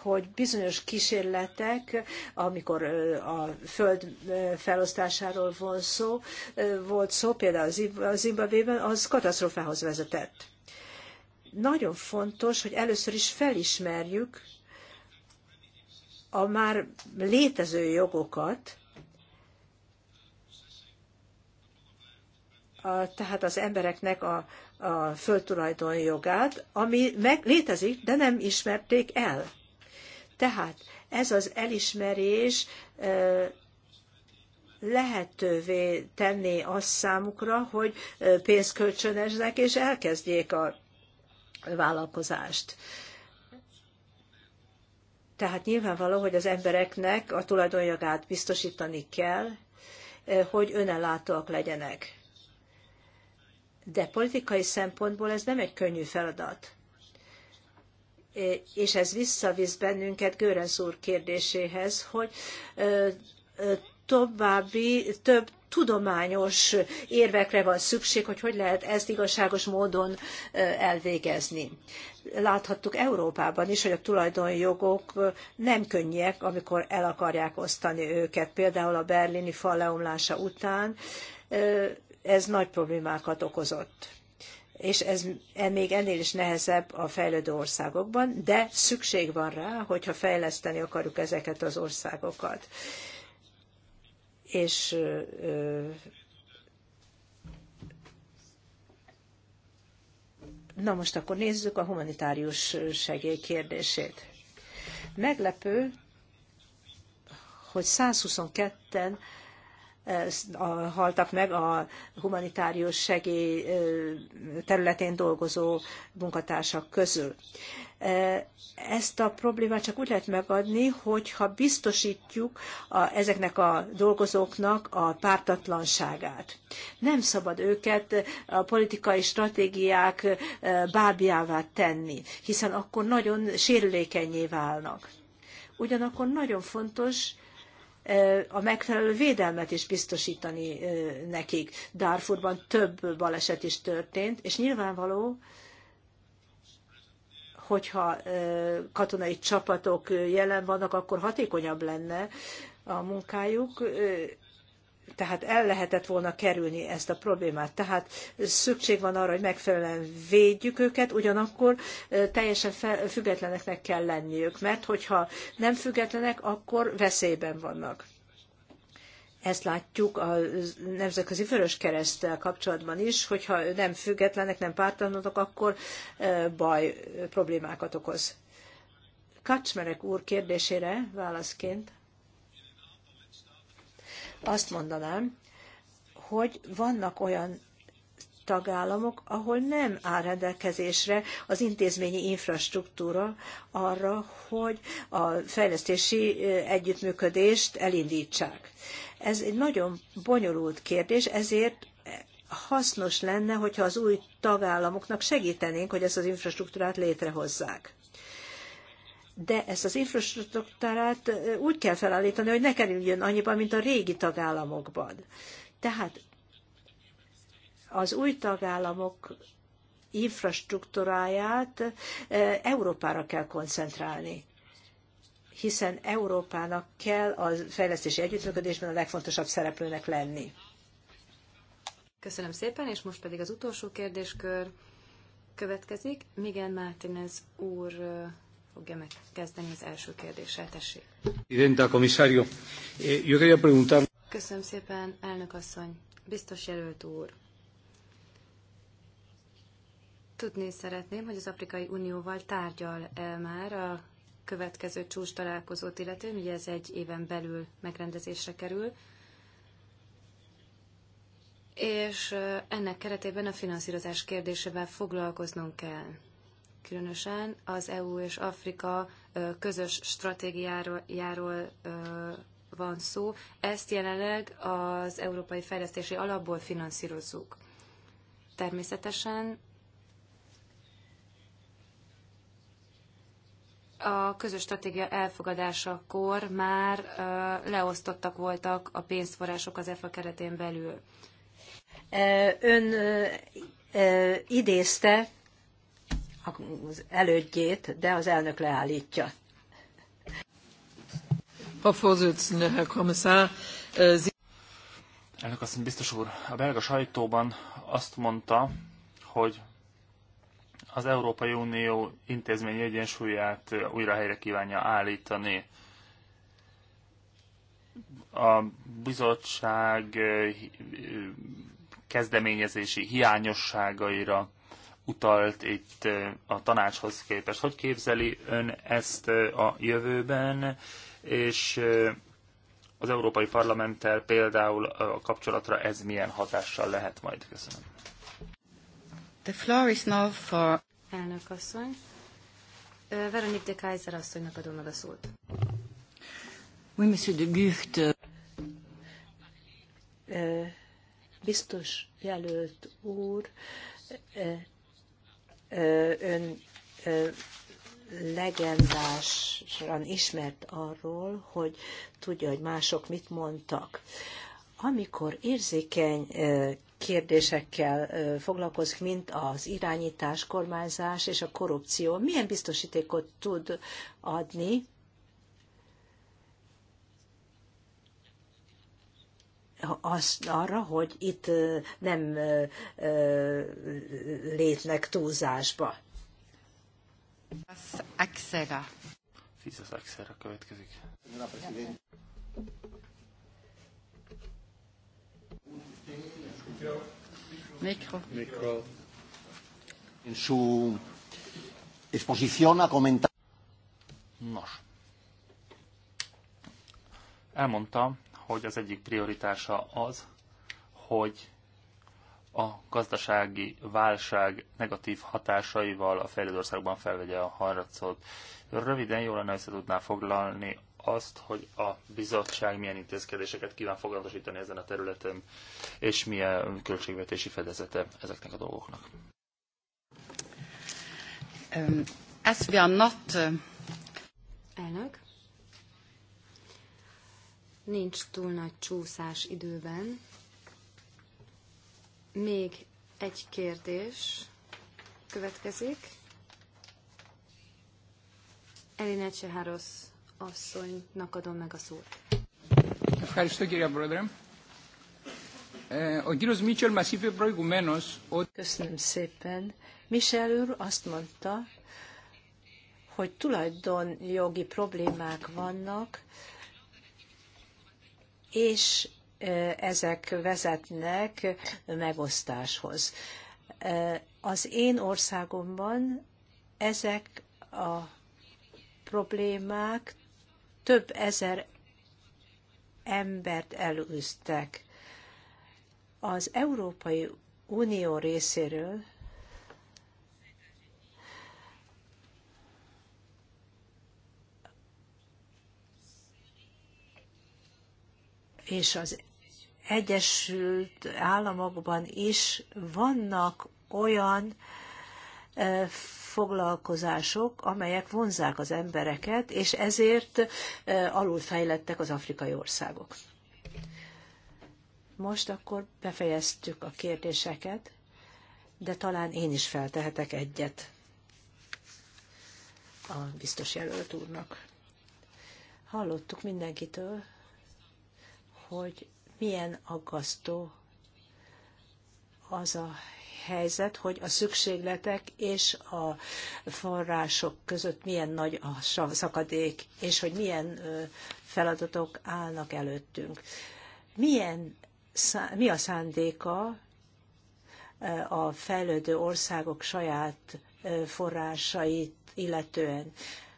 hogy bizonyos kísérletek, amikor a föld felosztásáról volt szó, volt szó például a Zimbabvében, az katasztrófához vezetett. Nagyon fontos, hogy először is felismerjük a már létező jogokat, a, tehát az embereknek a, a földtulajdon jogát, ami meg létezik, de nem ismerték el. Tehát ez az elismerés lehetővé tenné azt számukra, hogy pénzt kölcsönöznek, és elkezdjék a vállalkozást. Tehát nyilvánvaló, hogy az embereknek a tulajdonjogát biztosítani kell, hogy önellátóak legyenek. De politikai szempontból ez nem egy könnyű feladat és ez visszavisz bennünket Görenz úr kérdéséhez, hogy további több tudományos érvekre van szükség, hogy hogy lehet ezt igazságos módon elvégezni. Láthattuk Európában is, hogy a tulajdonjogok nem könnyek, amikor el akarják osztani őket. Például a berlini fal leomlása után ez nagy problémákat okozott és ez e még ennél is nehezebb a fejlődő országokban, de szükség van rá, hogyha fejleszteni akarjuk ezeket az országokat. És Na most akkor nézzük a humanitárius segély kérdését. Meglepő, hogy 122-en haltak meg a humanitárius segély területén dolgozó munkatársak közül. Ezt a problémát csak úgy lehet megadni, hogyha biztosítjuk a, ezeknek a dolgozóknak a pártatlanságát. Nem szabad őket a politikai stratégiák bábjává tenni, hiszen akkor nagyon sérülékenyé válnak. Ugyanakkor nagyon fontos, a megfelelő védelmet is biztosítani nekik. Darfurban több baleset is történt, és nyilvánvaló, hogyha katonai csapatok jelen vannak, akkor hatékonyabb lenne a munkájuk, tehát el lehetett volna kerülni ezt a problémát. Tehát szükség van arra, hogy megfelelően védjük őket, ugyanakkor teljesen függetleneknek kell lenniük, mert hogyha nem függetlenek, akkor veszélyben vannak. Ezt látjuk a Nemzetközi Vörös Kereszttel kapcsolatban is, hogyha nem függetlenek, nem pártlanok, akkor baj, problémákat okoz. Kacsmerek úr kérdésére válaszként azt mondanám, hogy vannak olyan tagállamok, ahol nem áll rendelkezésre az intézményi infrastruktúra arra, hogy a fejlesztési együttműködést elindítsák. Ez egy nagyon bonyolult kérdés, ezért hasznos lenne, hogyha az új tagállamoknak segítenénk, hogy ezt az infrastruktúrát létrehozzák de ezt az infrastruktúrát úgy kell felállítani, hogy ne kerüljön annyiba, mint a régi tagállamokban. Tehát az új tagállamok infrastruktúráját Európára kell koncentrálni hiszen Európának kell a fejlesztési együttműködésben a legfontosabb szereplőnek lenni. Köszönöm szépen, és most pedig az utolsó kérdéskör következik. Miguel Mártinez úr fogja megkezdeni az első kérdéssel. Tessék. Eh, Köszönöm szépen, elnök asszony. Biztos jelölt úr. Tudni szeretném, hogy az Afrikai Unióval tárgyal el már a következő csúcs találkozót illetően, ugye ez egy éven belül megrendezésre kerül, és eh, ennek keretében a finanszírozás kérdésével foglalkoznunk kell különösen az EU és Afrika közös stratégiáról van szó. Ezt jelenleg az Európai Fejlesztési Alapból finanszírozzuk. Természetesen a közös stratégia elfogadásakor már leosztottak voltak a pénzforrások az EFA keretén belül. Ön idézte az elődjét, de az elnök leállítja. Frau Vorsitzende, Herr äh, Elnök biztos úr, a belga sajtóban azt mondta, hogy az Európai Unió intézményi egyensúlyát äh, újra helyre kívánja állítani. A bizottság äh, kezdeményezési hiányosságaira utalt itt a tanácshoz képest. Hogy képzeli ön ezt a jövőben, és az Európai Parlamenttel például a kapcsolatra ez milyen hatással lehet majd? Köszönöm. The floor is now for... Elnök asszony. Veronique de Kaiser asszonynak adom meg a szót. Oui, monsieur de Gucht. Biztos jelölt úr, ön legendásan ismert arról, hogy tudja, hogy mások mit mondtak. Amikor érzékeny kérdésekkel foglalkozik, mint az irányítás, kormányzás és a korrupció, milyen biztosítékot tud adni az, arra, hogy itt nem lépnek túlzásba. Axera. Fizas Axera következik. Mikro. Mikro. En su exposición ha comentado. Nos. Elmondta, hogy az egyik prioritása az, hogy a gazdasági válság negatív hatásaival a fejlődő országban felvegye a harcot. Röviden jól lenne össze tudná foglalni azt, hogy a bizottság milyen intézkedéseket kíván foglalatosítani ezen a területen, és milyen költségvetési fedezete ezeknek a dolgoknak. Um, as we are not... Uh... Elnök nincs túl nagy csúszás időben. Még egy kérdés következik. Elina Cseháros asszonynak adom meg a szót. Köszönöm szépen. Michel úr azt mondta, hogy tulajdonjogi problémák vannak, és ezek vezetnek megosztáshoz. Az én országomban ezek a problémák több ezer embert elűztek. Az Európai Unió részéről és az Egyesült Államokban is vannak olyan foglalkozások, amelyek vonzák az embereket, és ezért alulfejlettek az afrikai országok. Most akkor befejeztük a kérdéseket, de talán én is feltehetek egyet a biztos jelölt úrnak. Hallottuk mindenkitől, hogy milyen aggasztó az a helyzet, hogy a szükségletek és a források között milyen nagy a szakadék, és hogy milyen feladatok állnak előttünk. Milyen, mi a szándéka a fejlődő országok saját forrásait illetően?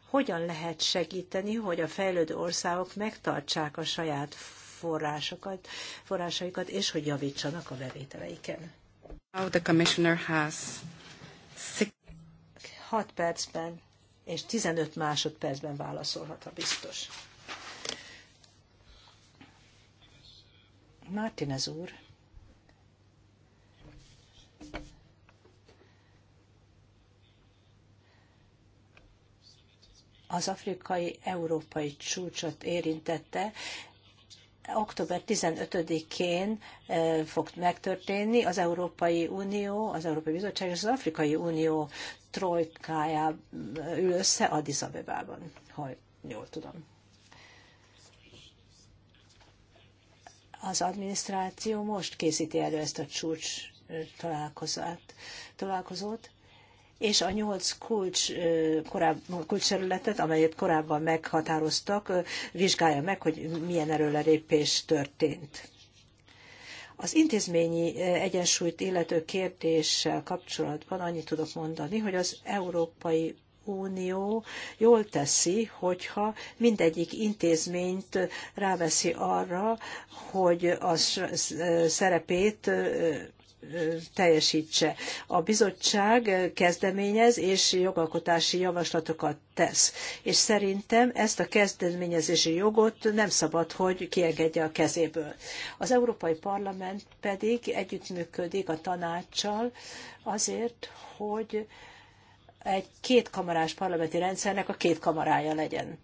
Hogyan lehet segíteni, hogy a fejlődő országok megtartsák a saját forrásokat, forrásaikat, és hogy javítsanak a bevételeiken. Now the commissioner has six... 6 percben és 15 másodpercben válaszolhat a biztos. Martinez úr. az afrikai-európai csúcsot érintette, október 15-én fog megtörténni az Európai Unió, az Európai Bizottság és az Afrikai Unió trojkája ül össze Addis Abebában, ha jól tudom. Az adminisztráció most készíti elő ezt a csúcs találkozót, találkozót és a nyolc kulcs, koráb, kulcsterületet, amelyet korábban meghatároztak, vizsgálja meg, hogy milyen erőlerépés történt. Az intézményi egyensúlyt illető kérdéssel kapcsolatban annyit tudok mondani, hogy az Európai Unió jól teszi, hogyha mindegyik intézményt ráveszi arra, hogy a szerepét teljesítse. A bizottság kezdeményez és jogalkotási javaslatokat tesz. És szerintem ezt a kezdeményezési jogot nem szabad, hogy kiengedje a kezéből. Az Európai Parlament pedig együttműködik a tanácssal azért, hogy egy kétkamarás parlamenti rendszernek a két kamarája legyen.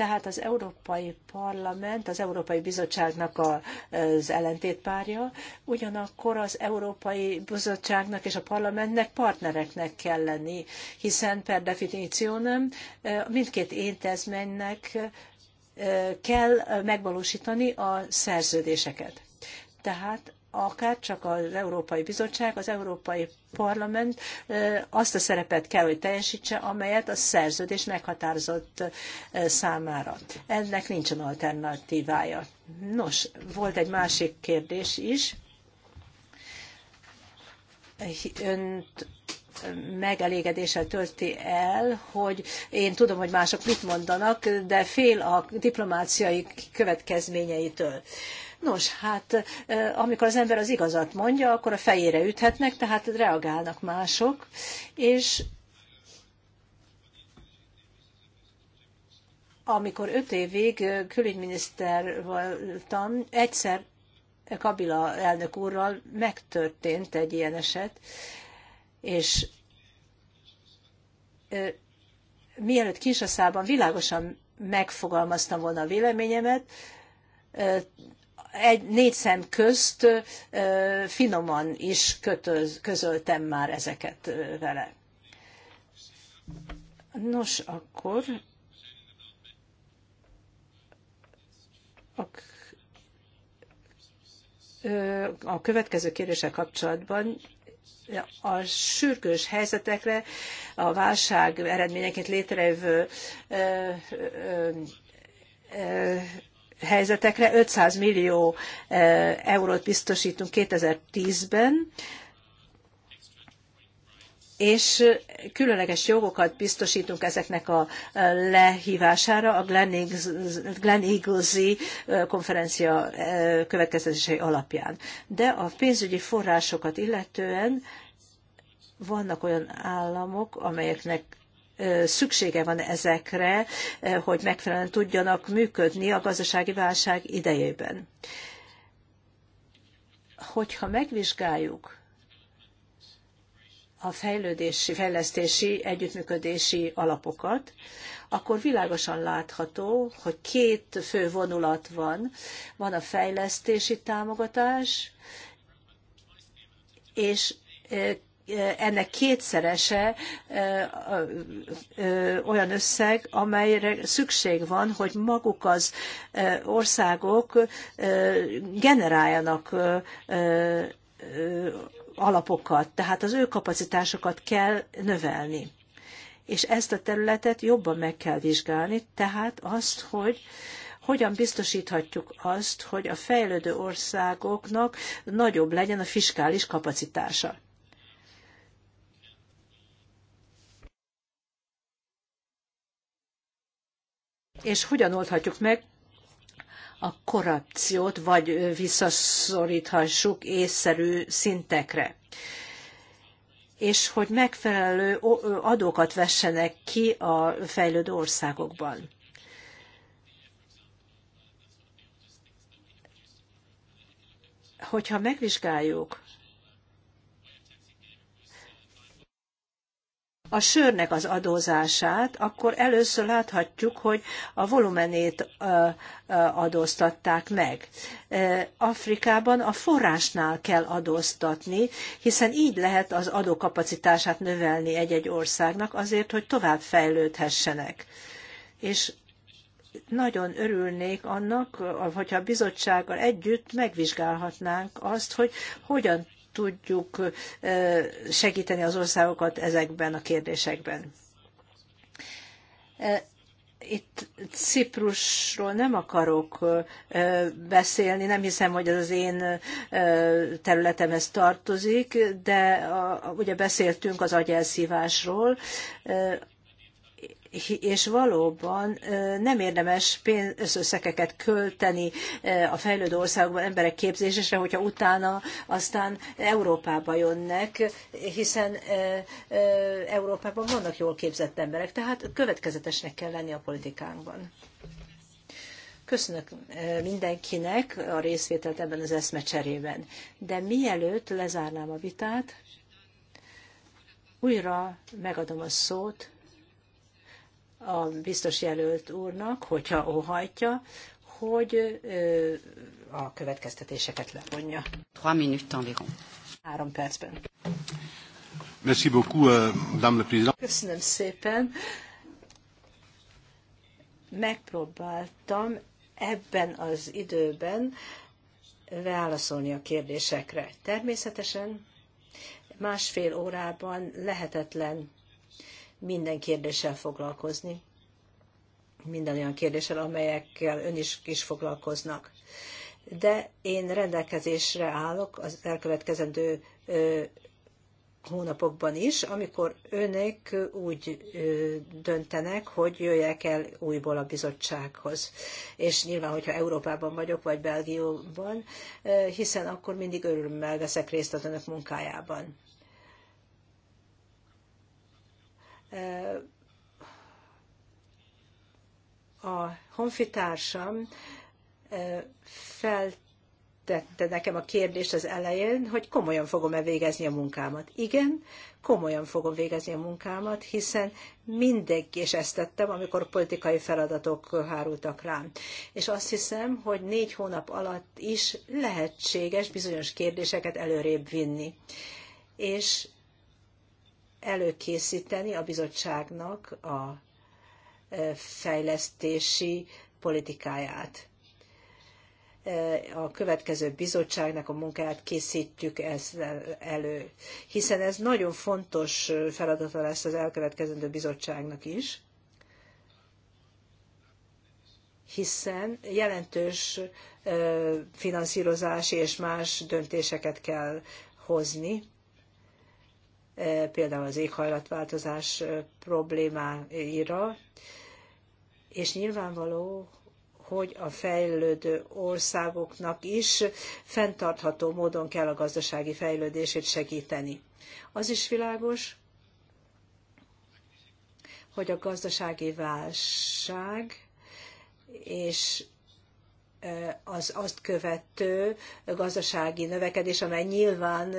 Tehát az Európai Parlament az Európai Bizottságnak az ellentétpárja, ugyanakkor az Európai Bizottságnak és a parlamentnek partnereknek kell lenni, hiszen per definíció nem mindkét intézménynek kell megvalósítani a szerződéseket. Tehát akár csak az Európai Bizottság, az Európai Parlament azt a szerepet kell, hogy teljesítse, amelyet a szerződés meghatározott számára. Ennek nincsen alternatívája. Nos, volt egy másik kérdés is. Önt megelégedéssel tölti el, hogy én tudom, hogy mások mit mondanak, de fél a diplomáciai következményeitől. Nos, hát amikor az ember az igazat mondja, akkor a fejére üthetnek, tehát reagálnak mások, és amikor öt évig külügyminiszter voltam, egyszer Kabila elnök úrral megtörtént egy ilyen eset, és mielőtt Kinsaszában világosan megfogalmaztam volna a véleményemet, egy négy szem közt finoman is kötöz, közöltem már ezeket vele. Nos, akkor a, a következő kérdéssel kapcsolatban a sürgős helyzetekre, a válság eredményeként létrejövő helyzetekre 500 millió e, eurót biztosítunk 2010-ben, és különleges jogokat biztosítunk ezeknek a e, lehívására a Glen eagles e, konferencia következtetései alapján. De a pénzügyi forrásokat illetően vannak olyan államok, amelyeknek szüksége van ezekre, hogy megfelelően tudjanak működni a gazdasági válság idejében. Hogyha megvizsgáljuk a fejlődési, fejlesztési, együttműködési alapokat, akkor világosan látható, hogy két fő vonulat van. Van a fejlesztési támogatás, és ennek kétszerese olyan összeg, amelyre szükség van, hogy maguk az országok generáljanak alapokat, tehát az ő kapacitásokat kell növelni. És ezt a területet jobban meg kell vizsgálni, tehát azt, hogy hogyan biztosíthatjuk azt, hogy a fejlődő országoknak nagyobb legyen a fiskális kapacitása. és hogyan oldhatjuk meg a korrupciót, vagy visszaszoríthassuk észszerű szintekre. És hogy megfelelő adókat vessenek ki a fejlődő országokban. Hogyha megvizsgáljuk a sörnek az adózását, akkor először láthatjuk, hogy a volumenét adóztatták meg. Afrikában a forrásnál kell adóztatni, hiszen így lehet az adókapacitását növelni egy-egy országnak azért, hogy tovább fejlődhessenek. És nagyon örülnék annak, hogyha a bizottsággal együtt megvizsgálhatnánk azt, hogy hogyan tudjuk segíteni az országokat ezekben a kérdésekben. Itt Ciprusról nem akarok beszélni, nem hiszem, hogy ez az én területemhez tartozik, de ugye beszéltünk az agyelszívásról, és valóban nem érdemes pénzösszegeket költeni a fejlődő országokban emberek képzésére, hogyha utána aztán Európába jönnek, hiszen Európában vannak jól képzett emberek, tehát következetesnek kell lenni a politikánkban. Köszönök mindenkinek a részvételt ebben az eszmecserében. De mielőtt lezárnám a vitát, újra megadom a szót a biztos jelölt úrnak, hogyha óhajtja, hogy a következtetéseket levonja. 3 minutes environ. 3 percben. Merci beaucoup, euh, Madame la Présidente. Köszönöm szépen. Megpróbáltam ebben az időben válaszolni a kérdésekre. Természetesen másfél órában lehetetlen minden kérdéssel foglalkozni, minden olyan kérdéssel, amelyekkel ön is, is foglalkoznak. De én rendelkezésre állok az elkövetkezendő ö, hónapokban is, amikor önök úgy ö, döntenek, hogy jöjjek el újból a bizottsághoz. És nyilván, hogyha Európában vagyok, vagy Belgiumban, ö, hiszen akkor mindig örömmel veszek részt az önök munkájában a honfitársam feltette nekem a kérdést az elején, hogy komolyan fogom-e végezni a munkámat. Igen, komolyan fogom végezni a munkámat, hiszen mindegy, és ezt tettem, amikor politikai feladatok hárultak rám. És azt hiszem, hogy négy hónap alatt is lehetséges bizonyos kérdéseket előrébb vinni. És előkészíteni a bizottságnak a e, fejlesztési politikáját. E, a következő bizottságnak a munkáját készítjük ezzel elő, hiszen ez nagyon fontos feladata lesz az elkövetkezendő bizottságnak is, hiszen jelentős e, finanszírozási és más döntéseket kell hozni E, például az éghajlatváltozás e, problémáira, és nyilvánvaló, hogy a fejlődő országoknak is fenntartható módon kell a gazdasági fejlődését segíteni. Az is világos, hogy a gazdasági válság és az azt követő gazdasági növekedés, amely nyilván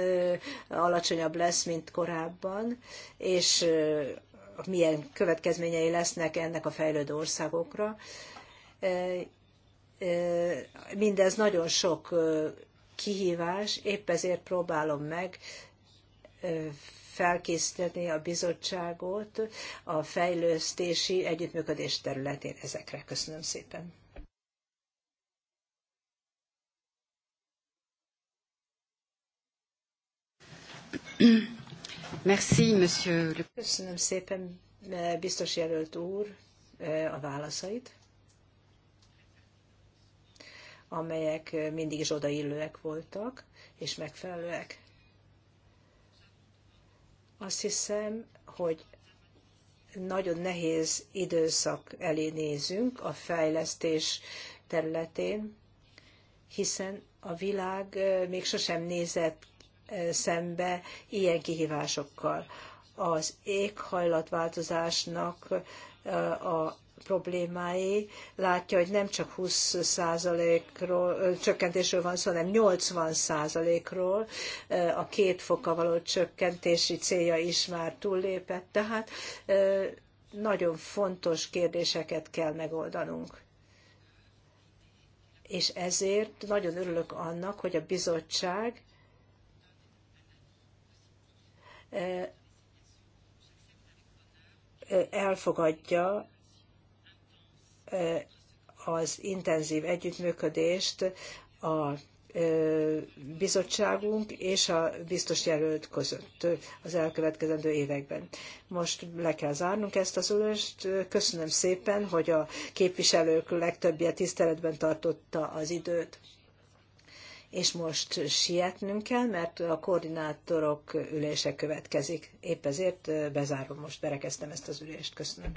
alacsonyabb lesz, mint korábban, és milyen következményei lesznek ennek a fejlődő országokra. Mindez nagyon sok kihívás, épp ezért próbálom meg felkészíteni a bizottságot a fejlesztési együttműködés területén ezekre. Köszönöm szépen. Mm. Merci, monsieur. Köszönöm szépen, eh, biztos jelölt úr, eh, a válaszait, amelyek eh, mindig is odaillőek voltak, és megfelelőek. Azt hiszem, hogy nagyon nehéz időszak elé nézünk a fejlesztés területén, hiszen a világ még sosem nézett szembe ilyen kihívásokkal. Az éghajlatváltozásnak a problémái, látja, hogy nem csak 20%-ról csökkentésről van szó, hanem 80%-ról a két foka való csökkentési célja is már túllépett, tehát nagyon fontos kérdéseket kell megoldanunk. És ezért nagyon örülök annak, hogy a bizottság elfogadja eh, az intenzív együttműködést a eh, bizottságunk és a biztos jelölt között az elkövetkezendő években. Most le kell zárnunk ezt az ülést. Köszönöm szépen, hogy a képviselők legtöbbje tiszteletben tartotta az időt és most sietnünk kell, mert a koordinátorok ülése következik. Épp ezért bezárom most, berekeztem ezt az ülést. Köszönöm.